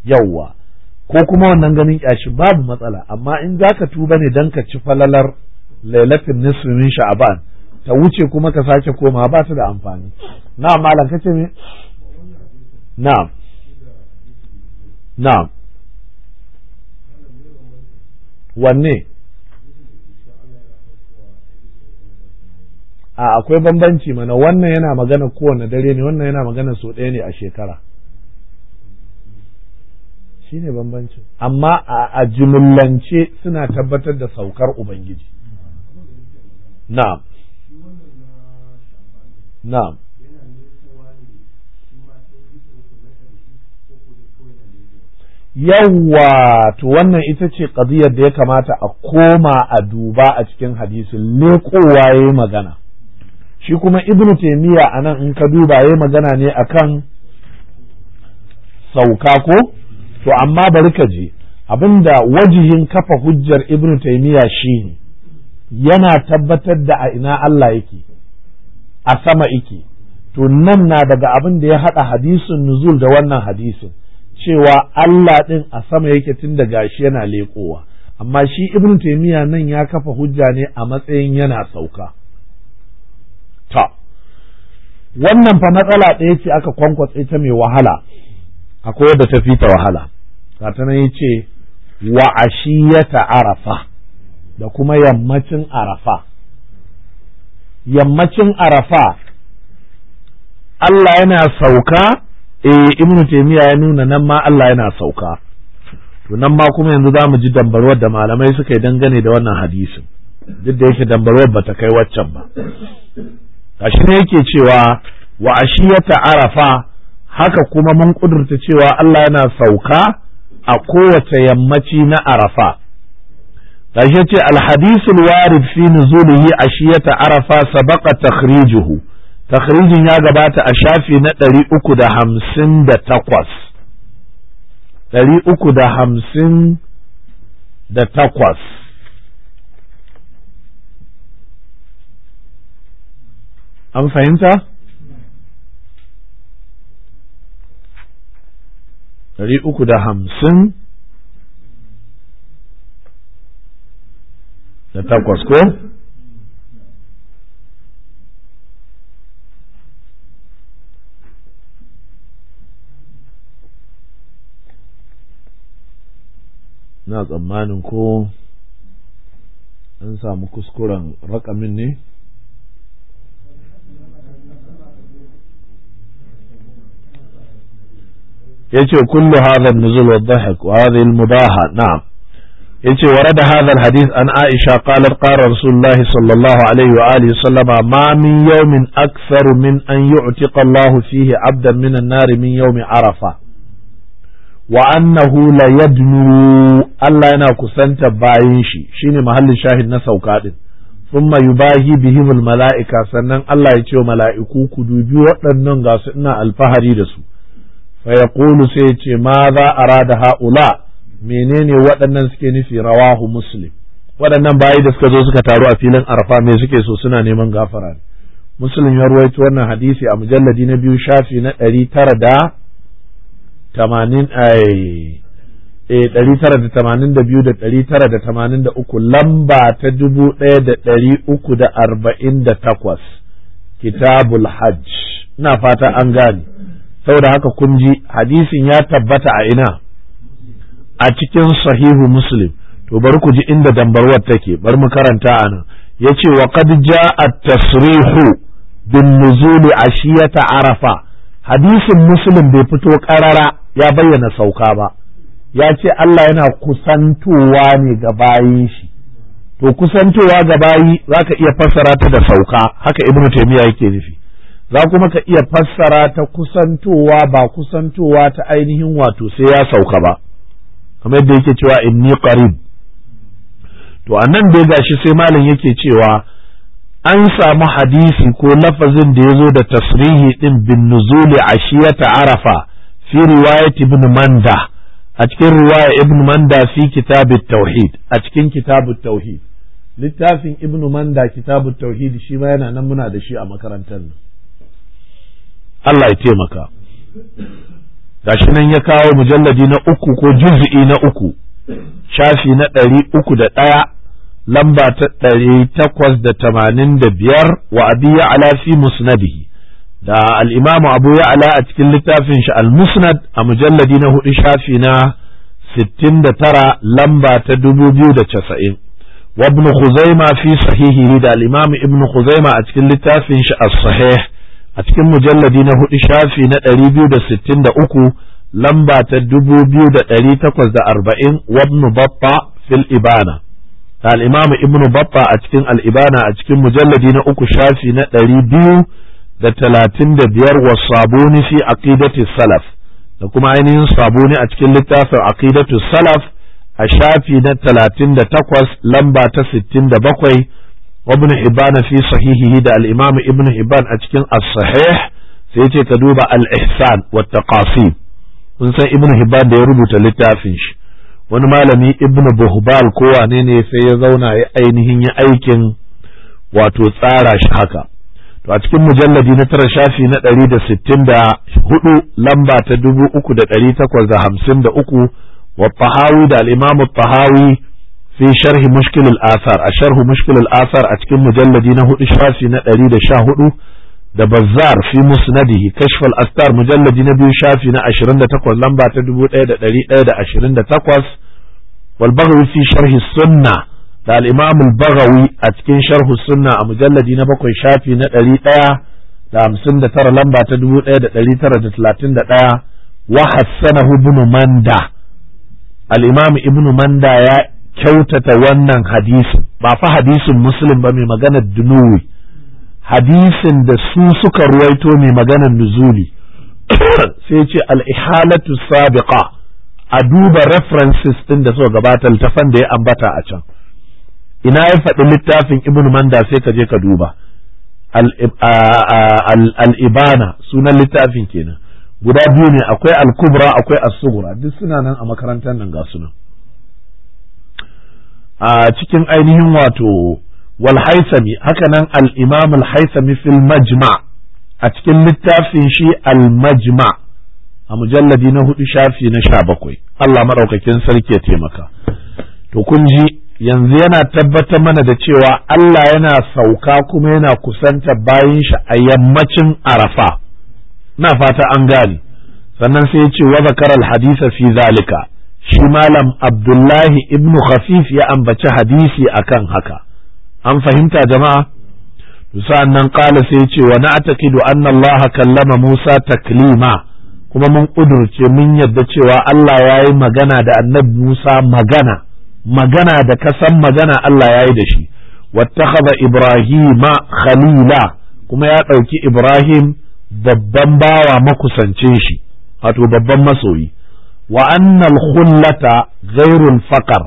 yawwa ko kuma wannan ganin kyashin babu matsala amma in za ka tuba ne don ka ci falalar lailatin a sha'aban ta wuce kuma ka sake koma ba ta da amfani na malam ce me na. na. wanne a akwai bambanci mana wannan yana magana kowane dare ne wannan yana magana sau ɗaya ne a shekara shi ne bambancin amma a jimillance suna tabbatar da saukar ubangiji na'am na'am yawwa to wannan ita ce kaziyar da ya kamata a koma a duba a cikin hadisin leƙowa ya yi magana shi kuma ibnu taimiyya a nan in ka duba ya magana ne akan sauka ko to amma bari ka je abinda wajihin kafa hujjar ibnu taimiyya ne yana tabbatar da a ina Allah yake a sama yake to nan na daga abin da ya haɗa hadisin nuzul da wannan hadisin cewa Allah ɗin a sama yake tun da gashi yana leƙowa amma shi ibnu taimiyya nan ya kafa hujja ne a matsayin yana sauka ta wannan fa matsala ɗaya ce aka kwankwatse ta mai wahala akwai wadda ta fita wahala satanan ya ce wa ashiyata arafa da kuma yammacin arafa yammacin arafa Allah yana sauka eh ibnu taymiya ya nuna nan ma Allah yana sauka to nan ma kuma yanzu zamu ji dambarwar da malamai suka yi dangane da wannan hadisin duk da yake dambarwar ba ta kai waccan ba gashi ne yake cewa wa ashiyata arafa haka kuma mun kudurta cewa Allah yana sauka a kowace yammaci na arafa gashi ce alhadisul warid fi nuzulihi ashiyata arafa sabaqa takhrijuhu takhrijin ya gabata a shafi na ɗari uku da ɗari uku da hamsin da takwas an fahimta ɗari uku da hamsin da takwas ko na tsammanin ko an samu kuskuren rakamin ne yace kullu hadha an-nuzul wad-dhahk wa hadhihi al-mudaha na'am yace warada hadha hadis ana an Aisha qalat qala Rasulullah sallallahu alaihi wa alihi sallama ma min yawmin akthar min an yu'tiqa Allah fihi 'abdan min an-nar min yawmi Arafah wa annahu la yadnu Allah yana kusanta bayan shi shine muhallin shahid na sauka din thumma yubahi bihimul mala'ika sannan Allah ya ce wa mala'iku ku dubi waɗannan ga ina alfahari da su fa yaqulu sai ce ma za a ra arada haula menene waɗannan suke nufi rawahu muslim waɗannan bayi da suka zo suka taru a filin arafa me suke so suna neman gafara ne muslim ya ruwaito wannan hadisi a mujalladi na biyu shafi na ɗari tara da tamanin e ɗari tara da tamanin da biyu da ɗari tara da tamanin da uku lamba ta dubu ɗaya da ɗari uku da arba'in da takwas kitabul hajj ina fata an gane saboda haka kun ji hadisin ya tabbata a ina a cikin sahihu muslim to bari ku ji inda dambarwar take bari mu karanta a nan ya ce wa qad ja'a tasrihu bin nuzuli ashiyata arafa hadisin muslim bai fito karara ya bayyana sauka ba ya ce Allah yana kusantowa ne ga bayin shi to kusantowa ga bayi za ka iya fassara ta da sauka haka ibnu taymiya yake nufi za kuma ka iya fassara ta kusantowa ba kusantowa ta ainihin wato sai ya sauka ba kamar yadda yake cewa inni qarib to anan dai gashi sai malam yake cewa an samu hadisi ko lafazin da yazo da tasrihi din bin nuzuli ashiyata arafa fi riwayat ibn manda a cikin riwaya ibn manda fi kitab tauhid a cikin kitab tauhid littafin ibn manda kitab tauhid shi ma yana nan muna da shi a makarantar nan Allah ya taimaka gashi nan ya kawo mujalladi na uku ko juz'i na uku shafi na ɗari uku da ɗaya lamba ta ɗari takwas da tamanin da biyar wa abi ya'ala fi musnadihi da al'imamu abu ala a cikin littafin shi al-musnad a mujalladi na hudu shafi na sittin da tara lamba ta dubu biyu da casa'in wa ibn khuzaima fi sahihi? da al'imamu ibn khuzaima a cikin littafin shi as-sahih a cikin mujalladi na hudu shafi na ɗari biyu da sittin da uku lamba ta dubu biyu da ɗari takwas da arba'in wabnu babba fil ibana Da al'imamu ibnu babba a cikin al'ibana a cikin mujalladi na uku shafi na ɗari biyu da talatin da biyar wa sabuni fi aqidati salaf da kuma ainihin sabuni a cikin littafin aqidatu salaf a shafi na talatin da takwas lamba ta sittin da bakwai wa ibn hibban fi sahihihi da al-imam ibn hibban a cikin as-sahih sai yace ka duba al-ihsan wa kun san ibn hibban da ya rubuta littafin shi wani malami ibn buhbal ko ne sai ya zauna ya ainihin ya aikin wato tsara shi haka to a cikin mujalladi na tara shafi na ɗari da sittin da hudu lamba ta dubu uku da ɗari takwas da hamsin da uku wa Fahawi da al'imamu Fahawi. في شرح مشكل الآثار أشرح مشكل الآثار أتكم دينه إشراسي نألي دشاهده دبزار في مسنده كشف الأستار مجلد نبي شافينا أشرند تقوى لنبا تدبو إيدا دلي إيدا أشرند تقوى والبغوي في شرح السنة دا الإمام البغوي أتكين شرح السنة مجلد نبقى شافينا دلي إيا دا مسند ترى لنبا تدبو إيدا دلي ترى جتلاتين دا وحسنه ابن مندا الإمام ابن مندا يا kyautata wannan hadisin ba fa hadisin muslim ba mai maganar dunuwi hadisin da su suka ruwaito mai maganar nuzuli sai ce al'ihalatu sabiqa a duba references ɗin da suka gabata littafan da ya ambata a can ina ya faɗi littafin ibn manda sai ka je ka duba uh, uh, al'ibana sunan littafin kenan guda biyu ne akwai al akwai as duk suna nan a makarantar nan ga sunan a cikin ainihin wato Walhaisami hakanan haka al haisami fil majma' a cikin littafin shi al-majma' a mujalladi na hudu shafi na sha bakwai Allah maɗaukakin sarki ya taimaka to kun ji yanzu yana tabbatar mana da cewa Allah yana sauka kuma yana kusanta bayan shi a yammacin arafa na fata an gane sannan sai ya ce wa zakara hadisa fi zalika shi malam abdullahi ibn khafif ya ambaci hadisi akan haka an fahimta jama'a sa'an nan ƙala sai ce wa na taƙidu an Allah kallama Musa taklima kuma mun ƙudurce mun yadda cewa Allah ya yi magana da annabi Musa magana magana da kasan magana Allah ya yi da shi wattakhadha Ibrahima khalila kuma ya ɗauki Ibrahim babban bawa makusancin shi wato babban masoyi wa annal khullata ghairul faqar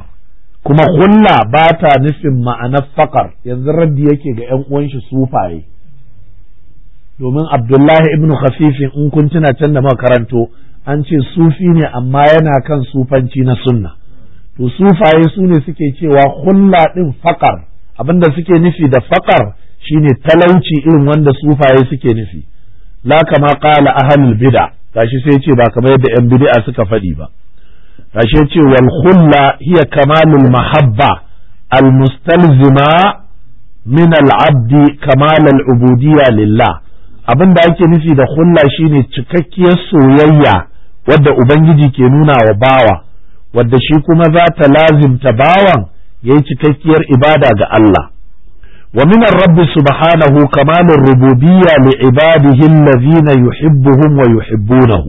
kuma hulla ba ta nufin ma'anar faƙar yanzu raddi yake ga 'yan uwan shi sufaye domin abdullahi ibnu khafifin in kun tuna can da makaranto an ce sufi ne amma yana kan sufanci na sunna to sufaye su ne suke cewa hulla ɗin abin abinda suke nufi da faƙar shine talauci irin wanda sufaye suke nufi la kama qala ahlul bid'a gashi sai ce ba kamar yadda yan bid'a suka faɗi ba gashi ya ce wal khulla hiya kamalul mahabba al mustalzima min al abdi kamal ubudiyya lillah abin da ake nufi da khulla shine cikakkiyar soyayya wadda ubangiji ke nuna wa bawa wadda shi kuma za ta lazimta bawan yayi cikakkiyar ibada ga Allah ومن الرب سبحانه كمال الربوبية لعباده الذين يحبهم ويحبونه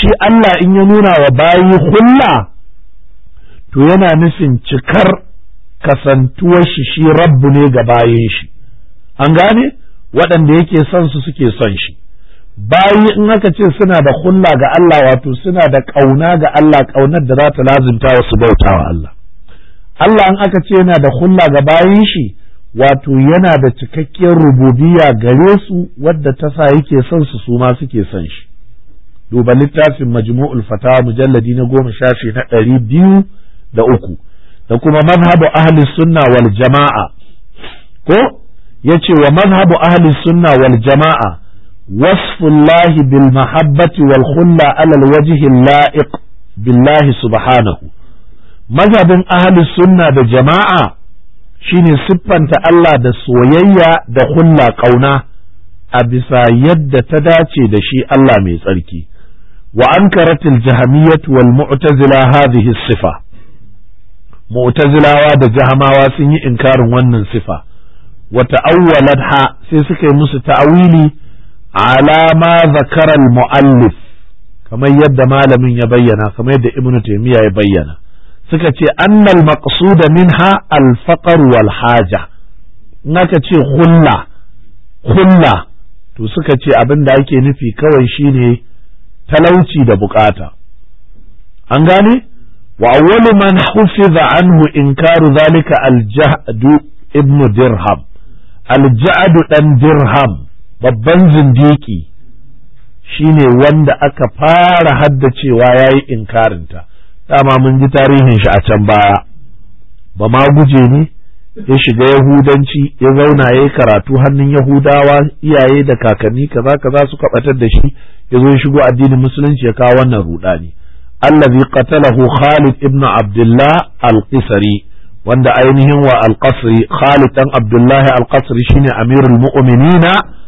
شي الله إن ينونا وباي خلا تو ينا نسن تكر كسنتوش شي رب نيغا بايش أنغاني ودن ديكي سنسو سكي سنشي bayi in aka ce suna da hulla ga Allah wato suna da ƙauna ga Allah ƙaunar da za ta lazumta wasu bautawa Allah Allah in aka ce yana da hulla ga bayin shi wato yana da cikakkiyar rububiya gare su wadda ta sa yake son su su ma suke son shi duba littafin majmu'ul fatawa mujalladi na goma shafi na ɗari biyu da uku da kuma mazhabu ahli sunna wal jama'a ko yace wa mazhabu ahli sunna wal jama'a wasfullahi bil mahabbati wal khulla ala al wajhi la'iq billahi subhanahu mazhabin ahli sunna da jama'a shine siffanta Allah da soyayya da hulla ƙauna a bisa yadda ta dace da shi Allah mai tsarki wa ankaratil jahamiyyat wal mu'tazila hadhihi sifa mu'tazilawa da jahamawa sun yi inkarin wannan sifa wa ta'awwalatha sai suka yi musu ta'awili ala ma zakara al muallif kamar yadda malamin ya bayyana kamar yadda ibnu taymiya ya bayyana suka ce annal maqsuda minha al-faqr wal haja ce hulla hulla to suka ce abin da ake nufi kawai shine talauci da bukata an gane wa awwalu man hufiza anhu inkaru zalika al ibn dirham al-ja'd dan dirham babban zindiki shine wanda aka fara haddacewa yayi inkarinta dama mun ji tarihin shi a can baya ba ma guje ne ya shiga yahudanci ya zauna ya yi karatu hannun yahudawa iyaye da kakanni kaza kaza suka batar da shi ya zo ya shigo addinin musulunci ya kawo wannan rudani allazi qatalahu Khalid ibn Abdullah al-Qisri wanda ainihin wa al-Qasri Khalid dan Abdullah al-Qasri shine amirul mu'minina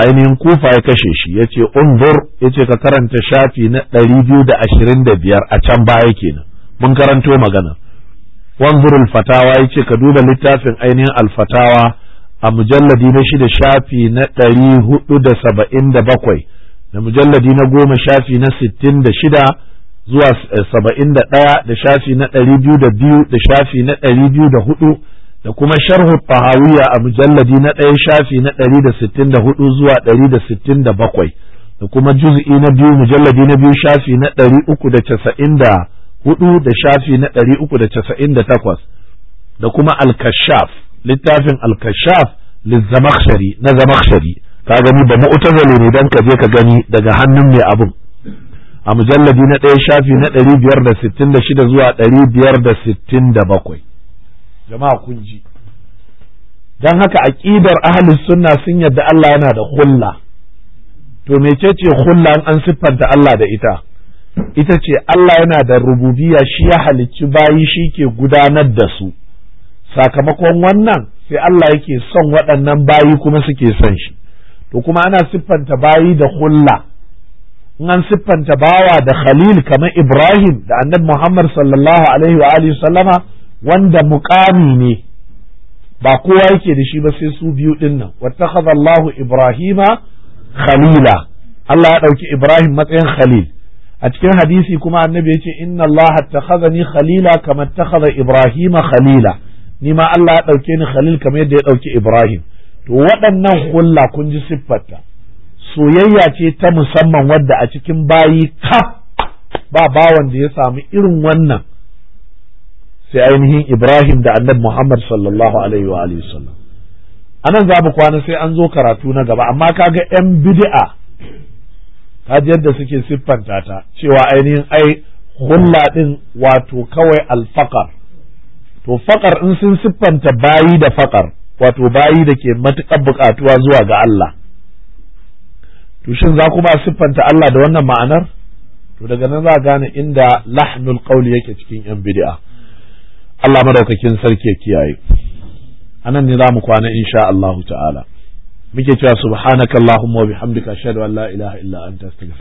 ainihin kufa ya kashe shi ya ce unzur ya ce ka karanta shafi na ɗari biyu da ashirin da biyar a can baya kenan mun karanto magana wanzur alfatawa ya ce ka duba littafin ainihin alfatawa a mujalladi na shida shafi na ɗari hudu da saba'in da bakwai da mujalladi na goma shafi na sittin da shida zuwa eh, saba'in da ɗaya da shafi na ɗari biyu da biyu da shafi na ɗari biyu da hudu da kuma sharhu tahawiyya a mujalladi na ɗaya shafi na ɗari da sittin da hudu zuwa ɗari da sittin da bakwai da kuma juz'i na biyu mujalladi na biyu shafi na ɗari uku da casa'in da hudu da shafi na ɗari uku da casa'in da takwas da kuma alkashaf littafin alkashaf lizzamakhshari na zamakhshari ka gani da mu'tazali ne dan ka je ka gani daga hannun mai abun a mujalladi na ɗaya shafi na ɗari biyar da sittin da shida zuwa ɗari biyar da sittin da bakwai jama'a kun ji don haka aƙidar ahlus sunna sun yadda Allah yana da hulla to mecece hulla an siffanta Allah da ita ita ce Allah yana da rububiya shi ya halicci bayi shi ke gudanar da su sakamakon wannan sai Allah yake son waɗannan bayi kuma suke son shi to kuma ana siffanta bayi da hulla in an siffanta bawa da khalil kamar Ibrahim da annabi Muhammad sallallahu alaihi wa alihi sallama wanda mukami ne ba kowa yake da shi ba sai su biyu din nan wattakhadha Allahu Ibrahima khalila Allah ya dauki Ibrahim matsayin khalil a cikin hadisi kuma annabi ya ce inna Allah attakhadhani khalila kama attakhadha Ibrahima khalila ni ma Allah ya dauke ni khalil kamar yadda ya dauki Ibrahim to waɗannan hulla kun ji siffarta soyayya ce ta musamman wadda a cikin bayi kaf ba bawan da ya samu irin wannan sai ainihin Ibrahim da annabi Muhammad sallallahu alaihi wa alihi sallam anan za mu kwana sai an zo karatu na gaba amma kaga yan bid'a kaji yadda suke siffanta ta cewa ainihin ai hulla din wato kawai alfaqar to faqar in sun siffanta bayi da faqar wato bayi da ke matukar bukatuwa zuwa ga Allah to shin za kuma siffanta Allah da wannan ma'anar to daga nan za gane inda lahnul qawli yake cikin yan bid'a Allah madaukakin sarki ya kiyaye anan ne za mu kwana insha allahu ta'ala muke cewa subhanakallahumma wa bihamdika ashhadu an la ilaha illa anta astaghfiruka